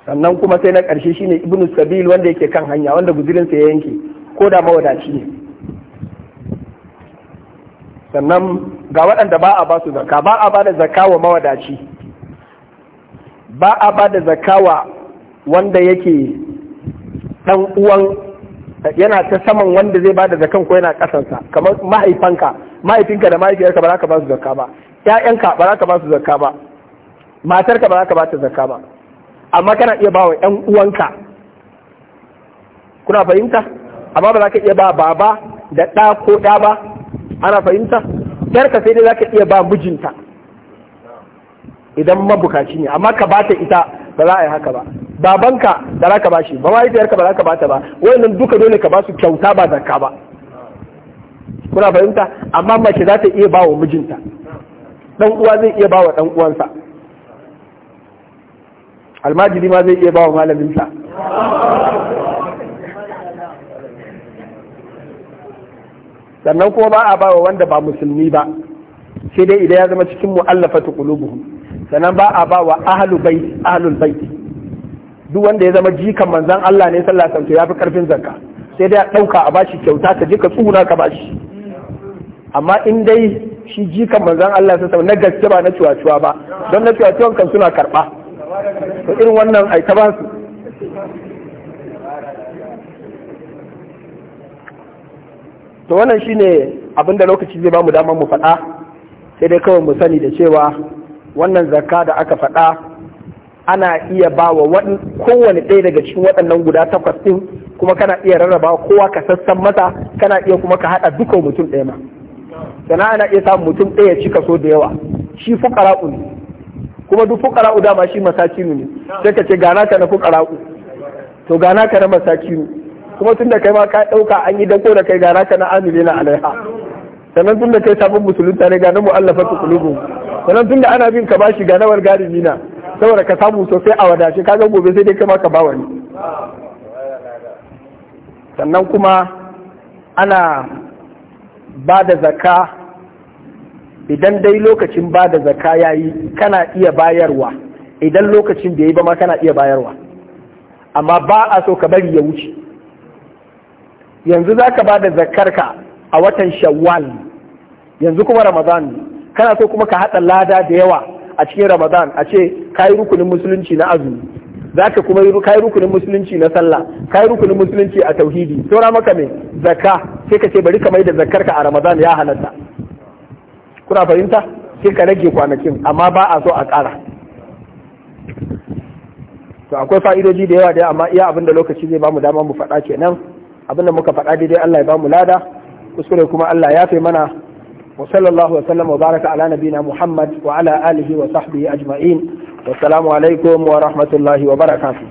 sannan kuma sai na ƙarshe shine ibnu sabil wanda yake kan hanya wanda sa ya yanke ko da mawadaci ne sannan ga waɗanda ba a ba su zaka ba a ba da zaka wa mawadaci ba a ba da zaka wa wanda yake ɗan uwan yana ta saman wanda zai ba da zakan ko yana ƙasansa kamar mahaifanka mahaifinka da mahaifiyarka ba za ka ba su zaka ba ƴaƴanka ba za ka ba su zaka ba matarka ba za ka ba ta zaka ba amma kana iya ba wa ƴan uwanka kuna fahimta amma ba za ka iya ba baba da ɗa ko ɗa ba ana fahimta yarka sai dai zaka iya ba mijinta idan mabukaci ne amma ka bata ita ba za a yi haka ba babanka da za ka ba shi ba mahaifiyarka ba za ka bata ba wannan duka dole ka ba su kyauta ba zakka ba kuna fahimta amma mace za ta iya ba wa mijinta dan uwa zai iya ba wa dan uwansa almajiri ma zai iya ba wa malaminsa sannan kuma ba a bawa wanda ba musulmi ba sai dai idan ya zama cikin mu'allafatu qulubuhum sannan ba a bawa ahlul bait ahlul bait duk wanda ya zama jikan manzon Allah ne sallallahu alaihi wasallam ya karfin zakka sai dai a dauka a bashi kyauta ka je ka tsuna ka bashi amma in dai shi jikan manzon Allah sallallahu na gaske ba na cuwa ba don na cuwa-cuwan kan suna karba to irin wannan ai ta ba to wannan shine abin da lokaci zai ba mu damar mu faɗa sai dai kawai mu sani da cewa wannan zakka da aka faɗa ana iya ba wa kowane ɗaya daga cikin waɗannan guda takwas ɗin kuma kana iya rarraba kowa ka sassan mata kana iya kuma ka haɗa duka mutum ɗaya ma sana ana iya samun mutum ɗaya cika so da yawa shi fuƙara'u ne kuma duk fuƙara'u dama shi masakinu ne sai ka ce gana ka na fuƙara'u to gana ka na masakinu kuma tun da kai ma ka dauka an yi dako da kai ga raka na na alaiha sannan tun da kai sabon musulunta ne ga na mu'allafatu kulubu sannan tun da ana bin ka bashi ga nawar mina saboda ka samu sosai a wadace kaga gobe sai dai kai ma ka ba wani sannan kuma ana ba da zaka idan dai lokacin ba da zaka ya yi kana iya bayarwa idan lokacin bai yi ba ma kana iya bayarwa amma ba a so ka bari ya wuce yanzu za ka ba da zakarka a watan shawwal yanzu kuma ramadan kana so kuma ka haɗa lada da yawa a cikin ramadan a ce ka yi rukunin musulunci na azumi za ka kuma yi rukunin musulunci na sallah ka yi rukunin musulunci a tauhidi saura maka mai zakka sai ka ce bari ka mai da zakarka a ramadan ya halatta kuna fahimta sai ka rage kwanakin amma ba a so a ƙara to akwai fa'idoji da yawa da amma iya abin da lokaci zai ba mu dama mu faɗa kenan abin da muka faɗa daidai Allah ya bamu lada kuskure kuma Allah ya fi mana wa sallallahu wa sallam wa baraka ala nabina Muhammad wa ala alihi wa sahbihi ajma'in wa assalamu alaikum wa rahmatullahi wa barakatuh